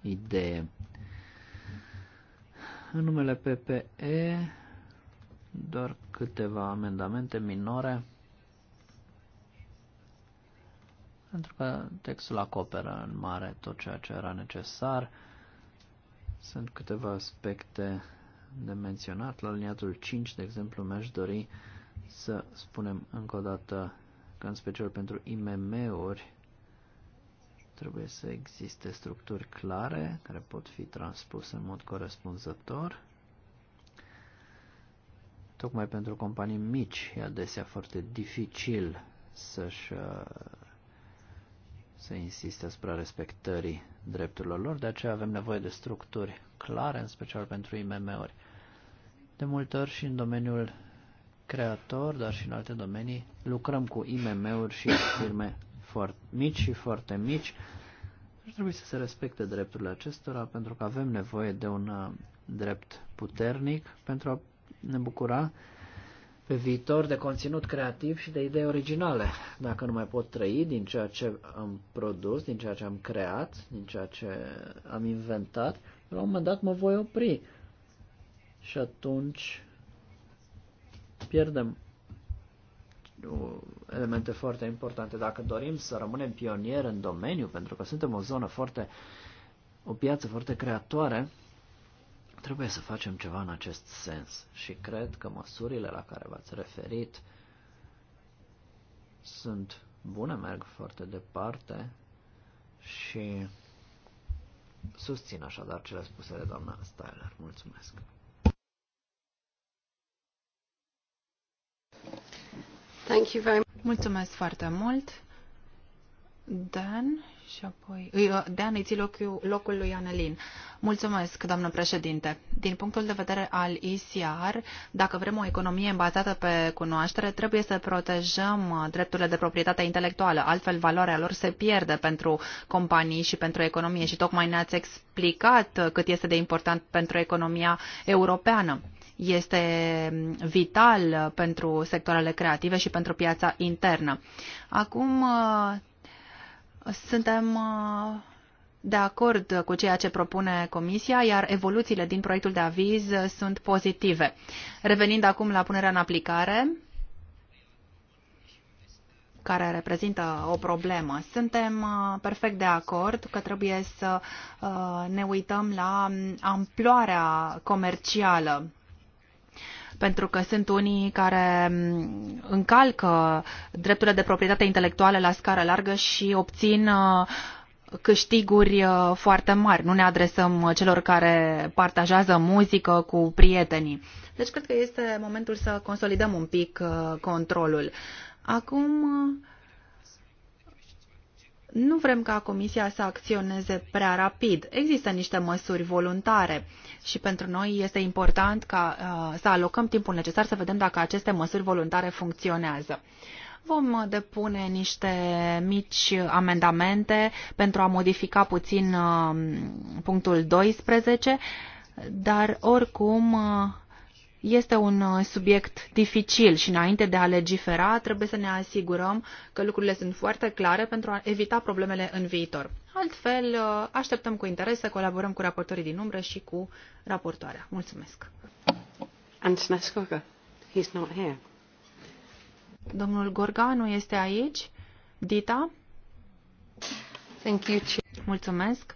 idee. În numele PPE, doar câteva amendamente minore, pentru că textul acoperă în mare tot ceea ce era necesar. Sunt câteva aspecte de menționat. La liniatul 5, de exemplu, mi-aș dori să spunem încă o dată că în special pentru IMM-uri trebuie să existe structuri clare care pot fi transpuse în mod corespunzător. Tocmai pentru companii mici e adesea foarte dificil să-și uh, să insiste asupra respectării drepturilor lor, de aceea avem nevoie de structuri clare, în special pentru IMM-uri. De multe ori și în domeniul creator, dar și în alte domenii, lucrăm cu IMM-uri și firme foarte mici și foarte mici. Ar trebui să se respecte drepturile acestora pentru că avem nevoie de un uh, drept puternic pentru a ne bucura pe viitor de conținut creativ și de idei originale. Dacă nu mai pot trăi din ceea ce am produs, din ceea ce am creat, din ceea ce am inventat, la un moment dat mă voi opri. Și atunci pierdem elemente foarte importante. Dacă dorim să rămânem pionieri în domeniu, pentru că suntem o zonă foarte, o piață foarte creatoare, Trebuie să facem ceva în acest sens și cred că măsurile la care v-ați referit sunt bune, merg foarte departe și susțin așadar cele spuse de doamna Styler. Mulțumesc! Thank you very much. Mulțumesc foarte mult, Dan și apoi uh, de a îi ții locul, locul lui Anelin. Mulțumesc, doamnă președinte. Din punctul de vedere al ICR, dacă vrem o economie bazată pe cunoaștere, trebuie să protejăm uh, drepturile de proprietate intelectuală, altfel valoarea lor se pierde pentru companii și pentru economie și tocmai ne-ați explicat uh, cât este de important pentru economia europeană este um, vital pentru sectoarele creative și pentru piața internă. Acum suntem uh, de acord cu ceea ce propune Comisia, iar evoluțiile din proiectul de aviz sunt pozitive. Revenind acum la punerea în aplicare, care reprezintă o problemă. Suntem uh, perfect de acord că trebuie să uh, ne uităm la amploarea comercială pentru că sunt unii care mm, încalcă drepturile de proprietate intelectuală la scară largă și obțin uh, câștiguri uh, foarte mari. Nu ne adresăm uh, celor care partajează muzică cu prietenii. Deci cred că este momentul să consolidăm un pic controlul. Acum nu vrem ca Comisia să acționeze prea rapid. Există niște măsuri voluntare și pentru noi este important ca uh, să alocăm timpul necesar să vedem dacă aceste măsuri voluntare funcționează. Vom depune niște mici amendamente pentru a modifica puțin uh, punctul 12, dar oricum uh, este un uh, subiect dificil și înainte de a legifera trebuie să ne asigurăm că lucrurile sunt foarte clare pentru a evita problemele în viitor. Altfel, uh, așteptăm cu interes să colaborăm cu raportorii din umbră și cu raportoarea. Mulțumesc. Antonescu, he's not here. Domnul Gorga nu este aici. Dita? Thank you. Mulțumesc.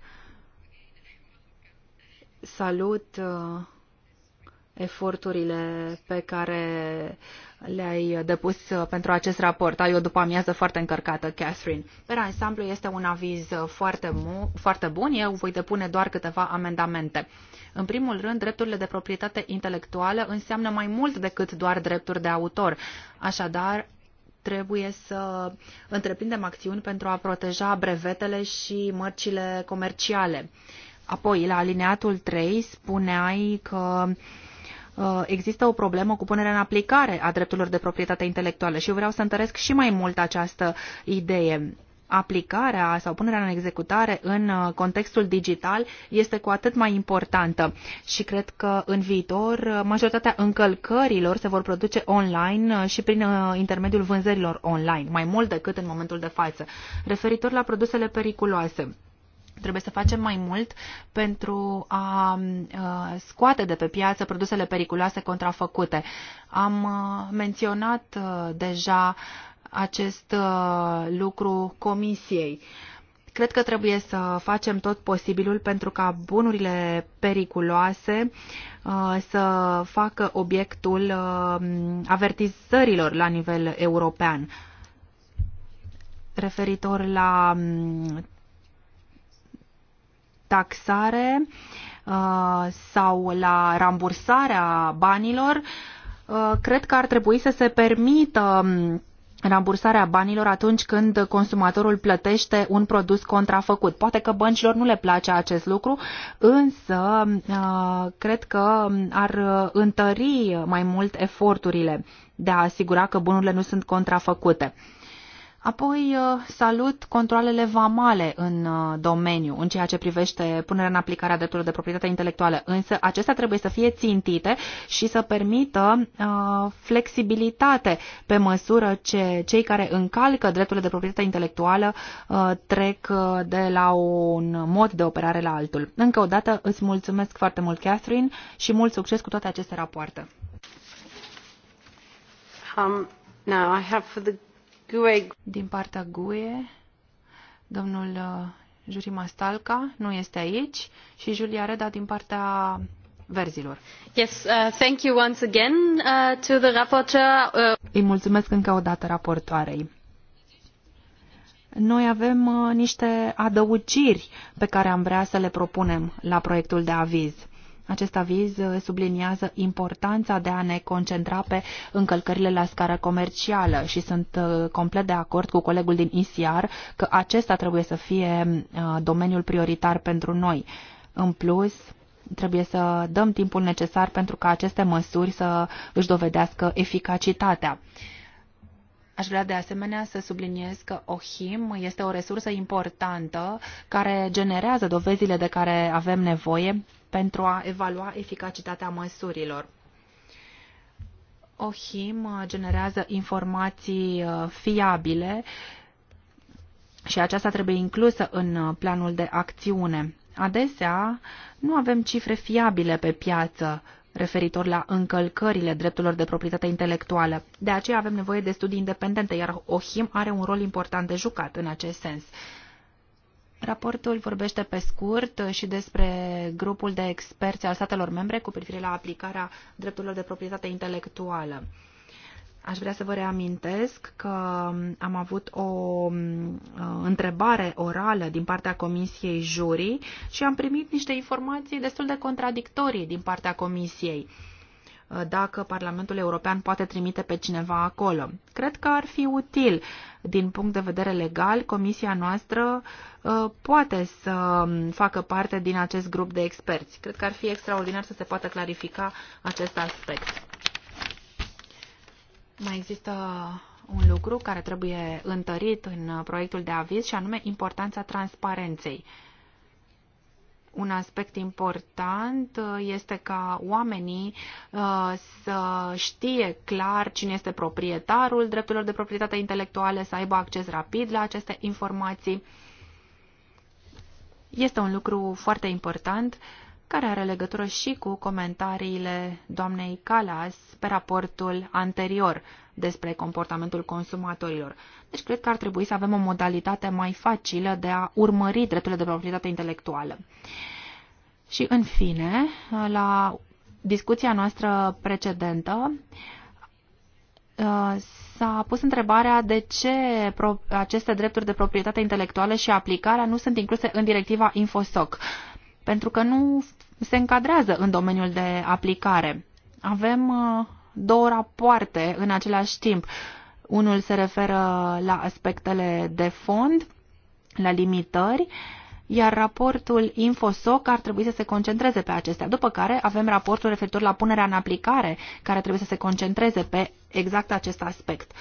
Salut uh, eforturile pe care le-ai depus pentru acest raport. Ai o după amiază foarte încărcată, Catherine. Per ansamblu este un aviz foarte, foarte bun. Eu voi depune doar câteva amendamente. În primul rând, drepturile de proprietate intelectuală înseamnă mai mult decât doar drepturi de autor. Așadar, trebuie să întreprindem acțiuni pentru a proteja brevetele și mărcile comerciale. Apoi, la alineatul 3, spuneai că uh, Uh, există o problemă cu punerea în aplicare a drepturilor de proprietate intelectuală și eu vreau să întăresc și mai mult această idee aplicarea sau punerea în executare în uh, contextul digital este cu atât mai importantă și cred că în viitor uh, majoritatea încălcărilor se vor produce online și prin intermediul vânzărilor online, mai mult decât în momentul de față. Referitor la produsele periculoase, Trebuie să facem mai mult pentru a scoate de pe piață produsele periculoase contrafăcute. Am menționat deja acest lucru comisiei. Cred că trebuie să facem tot posibilul pentru ca bunurile periculoase să facă obiectul avertizărilor la nivel european referitor la taxare uh, sau la rambursarea banilor, uh, cred că ar trebui să se permită um, rambursarea banilor atunci când consumatorul plătește un produs contrafăcut. Poate că băncilor nu le place acest lucru, însă uh, cred că um, ar întări mai mult eforturile de a asigura că bunurile nu sunt contrafăcute. Apoi uh, salut controlele vamale în uh, domeniu, în ceea ce privește punerea în aplicare a drepturilor de proprietate intelectuală, însă acestea trebuie să fie țintite și să permită uh, flexibilitate pe măsură ce cei care încalcă drepturile de proprietate intelectuală uh, trec uh, de la un mod de operare la altul. Încă o dată îți mulțumesc foarte mult, Catherine, și mult succes cu toate aceste rapoarte. Um, now I have for the GUE. Din partea GUE, domnul uh, Jurima Stalca nu este aici și Julia Reda din partea verzilor. Yes, uh, thank you once again uh, to the rapporteur. Uh... Îi mulțumesc încă o dată raportoarei. Noi avem uh, niște adăugiri pe care am vrea să le propunem la proiectul de aviz. Acest aviz uh, subliniază importanța de a ne concentra pe încălcările la scară comercială și sunt uh, complet de acord cu colegul din ICR că acesta trebuie să fie uh, domeniul prioritar pentru noi. În plus, trebuie să dăm timpul necesar pentru ca aceste măsuri să își dovedească eficacitatea. Aș vrea de asemenea să subliniez că OHIM este o resursă importantă care generează dovezile de care avem nevoie pentru a evalua eficacitatea măsurilor. OHIM uh, generează informații uh, fiabile și aceasta trebuie inclusă în uh, planul de acțiune. Adesea, nu avem cifre fiabile pe piață referitor la încălcările drepturilor de proprietate intelectuală. De aceea avem nevoie de studii independente, iar OHIM are un rol important de jucat în acest sens. Raportul vorbește pe scurt și despre grupul de experți al statelor membre cu privire la aplicarea drepturilor de proprietate intelectuală. Aș vrea să vă reamintesc că am avut o mm, întrebare orală din partea Comisiei Jurii și am primit niște informații destul de contradictorii din partea Comisiei. Uh, dacă Parlamentul European poate trimite pe cineva acolo. Cred că ar fi util. Din punct de vedere legal, comisia noastră uh, poate să um, facă parte din acest grup de experți. Cred că ar fi extraordinar să se poată clarifica acest aspect. Mai există un lucru care trebuie întărit în proiectul de aviz și anume importanța transparenței. Un aspect important uh, este ca oamenii uh, să știe clar cine este proprietarul drepturilor de proprietate intelectuale să aibă acces rapid la aceste informații. Este un lucru foarte important care are legătură și cu comentariile doamnei Calas pe raportul anterior, despre comportamentul consumatorilor. Deci cred că ar trebui să avem o modalitate mai facilă de a urmări drepturile de proprietate intelectuală. Și în fine, la discuția noastră precedentă, uh, s-a pus întrebarea de ce aceste drepturi de proprietate intelectuală și aplicarea nu sunt incluse în directiva InfoSoc, pentru că nu se încadrează în domeniul de aplicare. Avem uh, două rapoarte în același timp. Unul se referă la aspectele de fond, la limitări, iar raportul InfoSoc ar trebui să se concentreze pe acestea. După care avem raportul referitor la punerea în aplicare, care trebuie să se concentreze pe exact acest aspect.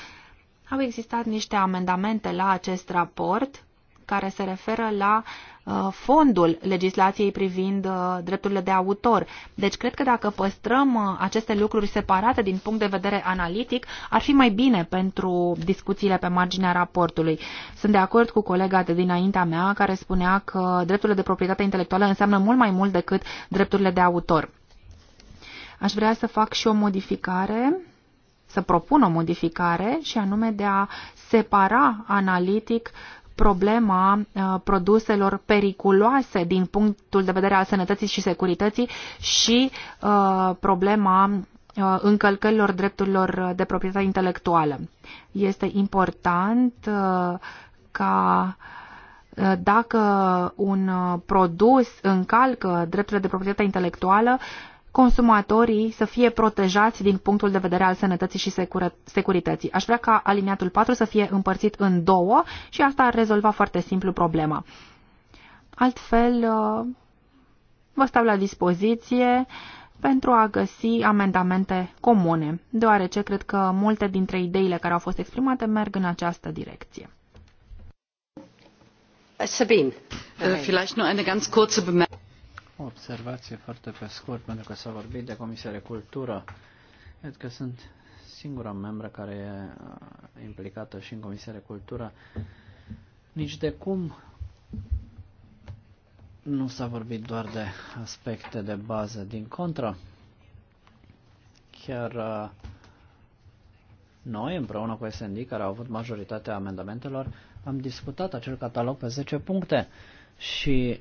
Au existat niște amendamente la acest raport care se referă la uh, fondul legislației privind uh, drepturile de autor. Deci cred că dacă păstrăm uh, aceste lucruri separate din punct de vedere analitic, ar fi mai bine pentru discuțiile pe marginea raportului. Sunt de acord cu colega de dinaintea mea care spunea că drepturile de proprietate intelectuală înseamnă mult mai mult decât drepturile de autor. Aș vrea să fac și o modificare să propun o modificare și anume de a separa analitic problema uh, produselor periculoase din punctul de vedere al sănătății și securității și uh, problema uh, încălcărilor drepturilor de proprietate intelectuală. Este important ca dacă un produs încalcă drepturile de proprietate intelectuală, consumatorii să fie protejați din punctul de vedere al sănătății și securității. Aș vrea ca aliniatul 4 să fie împărțit în două și asta ar rezolva foarte simplu problema. Altfel, uh, vă stau la dispoziție pentru a găsi amendamente comune, deoarece cred că multe dintre ideile care au fost exprimate merg în această direcție. Sabine. Äh, vielleicht nur eine ganz kurze Bemerkung. O observație foarte pe scurt, pentru că s-a vorbit de Comisia de Cultură. Cred că sunt singura membră care e implicată și în Comisia de Cultură. Nici de cum nu s-a vorbit doar de aspecte de bază. Din contră, chiar noi, împreună cu SND, care au avut majoritatea amendamentelor, am discutat acel catalog pe 10 puncte și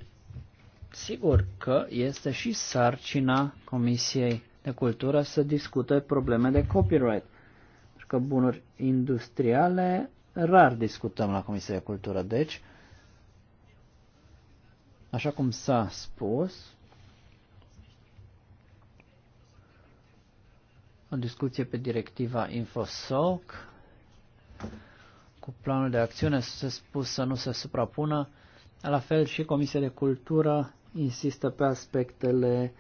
Sigur că este și sarcina Comisiei de Cultură să discute probleme de copyright. Pentru că bunuri industriale rar discutăm la Comisia de Cultură. Deci, așa cum s-a spus, o discuție pe directiva InfoSoc cu planul de acțiune, se spus să nu se suprapună, la fel și Comisia de Cultură insistă pe aspectele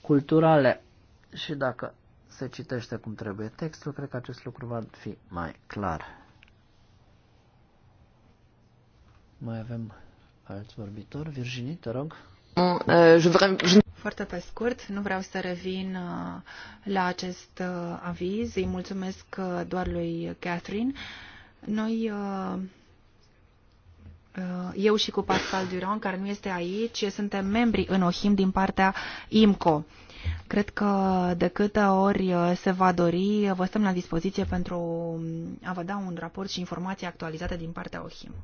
culturale și dacă se citește cum trebuie textul, cred că acest lucru va fi mai clar. Mai avem alți vorbitori. Virginie, te rog. Euh, Foarte pe scurt, nu vreau să revin uh, la acest uh, aviz. Îi mulțumesc uh, doar lui Catherine. Noi Uh, eu și cu Pascal Duran, care nu este aici, suntem membri în OHIM din partea IMCO. Cred că de câte ori uh, se va dori, vă stăm la dispoziție pentru um, a vă da un raport și informații actualizate din partea OHIM.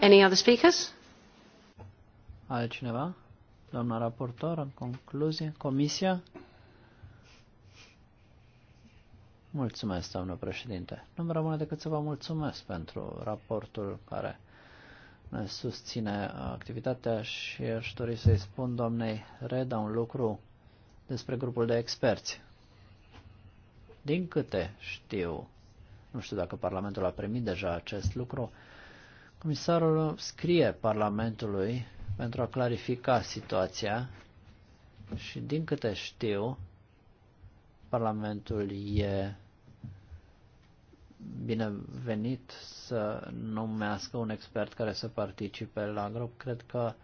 Any other speakers? Altcineva? Doamna raportor, în concluzie, comisia? Mulțumesc, doamnă președinte. Nu-mi rămâne decât să vă mulțumesc pentru raportul care ne susține activitatea și aș dori să-i spun doamnei Reda un lucru despre grupul de experți. Din câte știu, nu știu dacă Parlamentul a primit deja acest lucru, comisarul scrie Parlamentului pentru a clarifica situația și din câte știu, Parlamentul e binevenit să numească un expert care să participe la grup. Cred că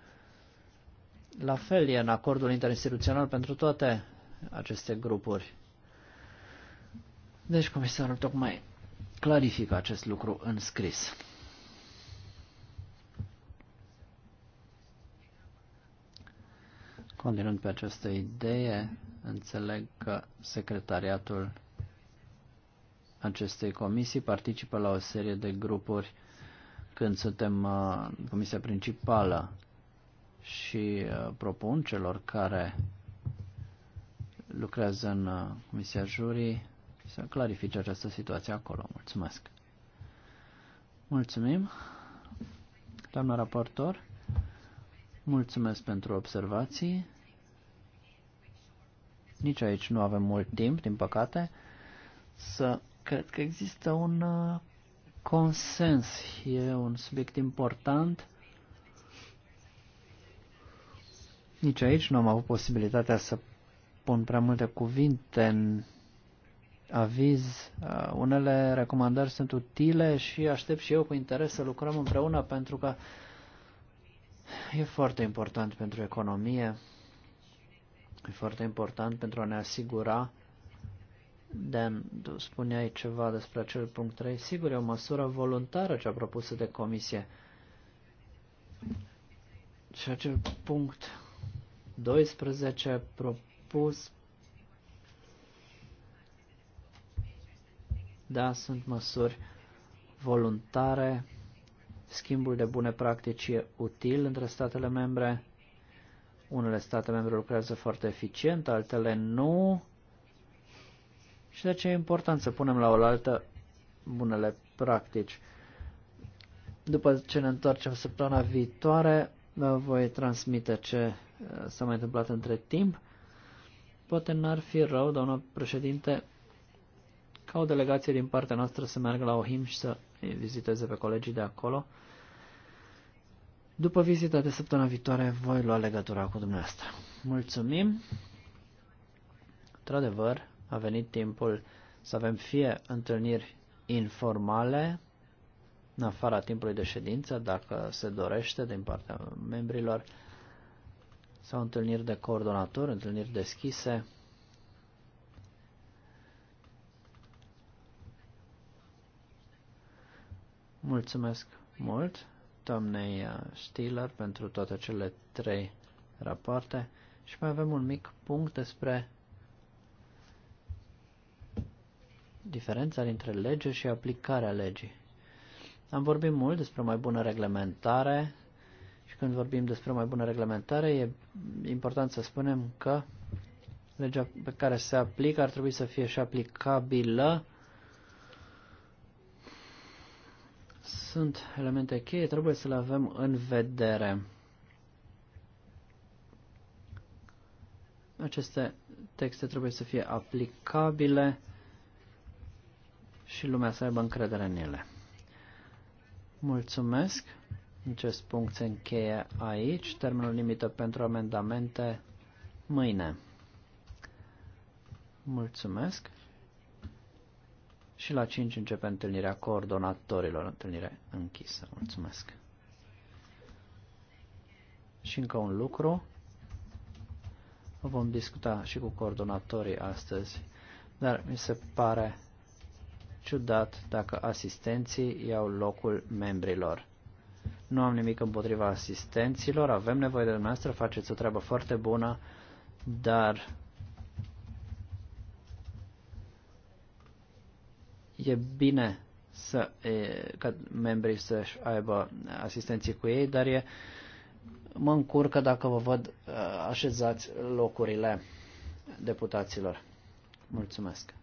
la fel e în acordul interinstituțional pentru toate aceste grupuri. Deci comisarul tocmai clarifică acest lucru în scris. Continuând pe această idee, înțeleg că secretariatul acestei comisii participă la o serie de grupuri când suntem uh, comisia principală și uh, propun celor care lucrează în uh, comisia jurii să clarifice această situație acolo. Mulțumesc! Mulțumim! Doamna raportor, mulțumesc pentru observații. Nici aici nu avem mult timp, din păcate, să cred că există un uh, consens. E un subiect important. Nici aici nu am avut posibilitatea să pun prea multe cuvinte în aviz. Uh, unele recomandări sunt utile și aștept și eu cu interes să lucrăm împreună pentru că e foarte important pentru economie, e foarte important pentru a ne asigura Dan, tu spuneai ceva despre acel punct 3. Sigur, e o măsură voluntară cea propusă de comisie. Și acel punct 12 propus Da, sunt măsuri voluntare. Schimbul de bune practici e util între statele membre. Unele state membre lucrează foarte eficient, altele nu. Și de aceea e important să punem la oaltă bunele practici. După ce ne întoarcem săptămâna viitoare, voi transmite ce uh, s-a mai întâmplat între timp. Poate n-ar fi rău, doamna președinte, ca o delegație din partea noastră să meargă la Ohim și să viziteze pe colegii de acolo. După vizita de săptămâna viitoare voi lua legătura cu dumneavoastră. Mulțumim! Într-adevăr, a venit timpul să avem fie întâlniri informale, în afara timpului de ședință, dacă se dorește din partea membrilor, sau întâlniri de coordonator, întâlniri deschise. Mulțumesc mult doamnei Stiller pentru toate cele trei rapoarte și mai avem un mic punct despre diferența dintre lege și aplicarea legii. Am vorbit mult despre mai bună reglementare și când vorbim despre mai bună reglementare e important să spunem că legea pe care se aplică ar trebui să fie și aplicabilă. Sunt elemente cheie, trebuie să le avem în vedere. Aceste texte trebuie să fie aplicabile și lumea să aibă încredere în ele. Mulțumesc. Acest punct se încheie aici. Termenul limită pentru amendamente mâine. Mulțumesc. Și la 5 începe întâlnirea coordonatorilor, întâlnire închisă. Mulțumesc. Și încă un lucru. Vom discuta și cu coordonatorii astăzi, dar mi se pare ciudat dacă asistenții iau locul membrilor. Nu am nimic împotriva asistenților, avem nevoie de dumneavoastră, faceți o treabă foarte bună, dar e bine să, e, ca membrii să-și aibă asistenții cu ei, dar e, mă încurcă dacă vă văd uh, așezați locurile deputaților. Mulțumesc.